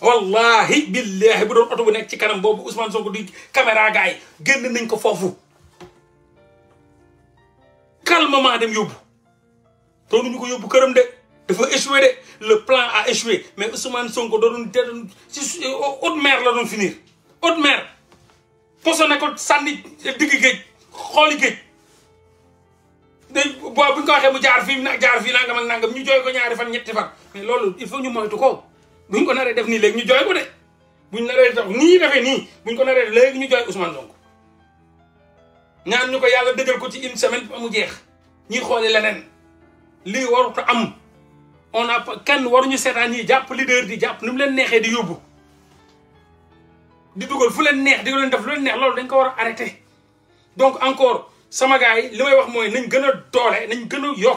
wallahi billahi bu doon auto bu nek ci kanam bobu Ousmane Sonko di caméra gaay genn nañ ko fofu calmement dem yóbbu doonuñu ko yóbbu këram de dafa échoué de le plan a échoué mais Ousmane Sonko doon doon ci eh, haute mer la doon finir haute mer posone ko sànni digg geej xooli géej day boo bu ko waxee mu jaar fi nag jaar fi nangam ak nangam ñu joy ko ñaari fan ñetti fan mais lolu il faut ñu moytu ko buñ ko naree def ni léegi ñu joy ko de bu ñu naree def nii ñuy defee ko naree def ñu joy Ousmane Sonko ñaan ñu ko yàlla dëggal ko ci une semaine mu am on a kenn waruñu seetaan ñi jàpp leader di jàpp nu mu leen neexee di nous di dugal fu leen neex di leen def lu leen neex loolu dañ ko war a arrêté donc encore sama gars yi li wax mooy nañ gën a doole nañ gën a bi a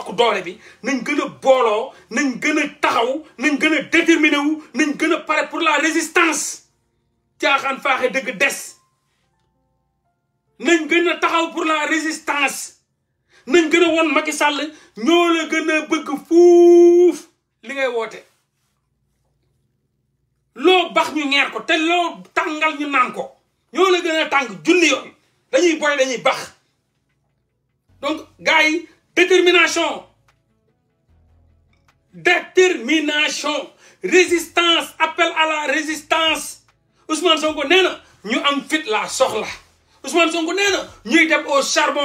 booloo nañ taxaw a wu pour la résistance nañ gën taxaw pour la résistance nañ gëna won Macky Sall ñoo la gën bëgg fouf li ngay woté lo bax ñu ñeer ko té lo tangal ñu nan ko ñoo la gën a tàng yoon dañuy boy dañuy bax donc gaay détermination détermination résistance appel à la résistance Ousmane Sonko néna ñu am fit la soxla Ousmane Sonko nee na ñuy dem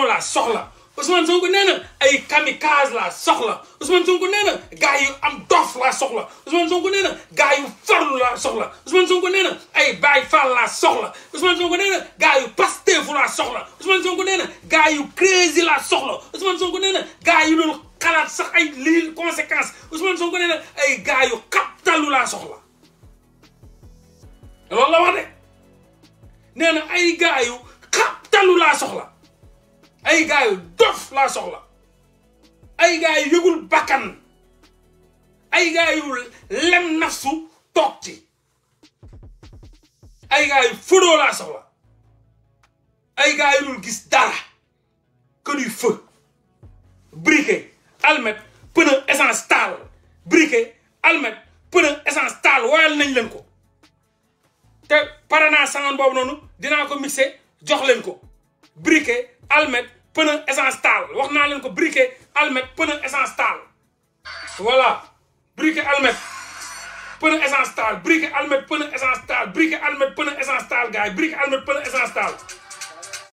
la soxla Ousmane Sonko nee na ay kamikaze la soxla Ousmane Sonko nee na yu am dof la soxla Ousmane Sonko nee na yu farlu la soxla Ousmane Sonko nee na ay Baay Faal la soxla Ousmane Sonko nee na gars yu Pastef la soxla Ousmane Sonko nee na gars yu crazy la soxla Ousmane Sonko nee na gars yu loolu xalaat sax ay lii conséquence Ousmane Sonko nee na ay gars yu xaptalu la soxla loolu la wax de nee na ay gars xaptalu laa soxla ay gars dof laa soxla ay gars yëgul bakkan ay gars yu lem nafsu toog ci ay laa soxla ay gars yu dul gis dara que du feu briquet almet pneu essence taal briquet almet pneu essence taal woyal nañ leen ko te pare naa sangoon boobu noonu dinaa ko mixé jox leen ko briquet almet pneu essence taal wax naa leen ko briquet almet pneu essence taal voilà briquet almet pneu essence taal briquet almet pneu essence taal briquet almet pneu essence taal gars yi briquet almet pneu essence taal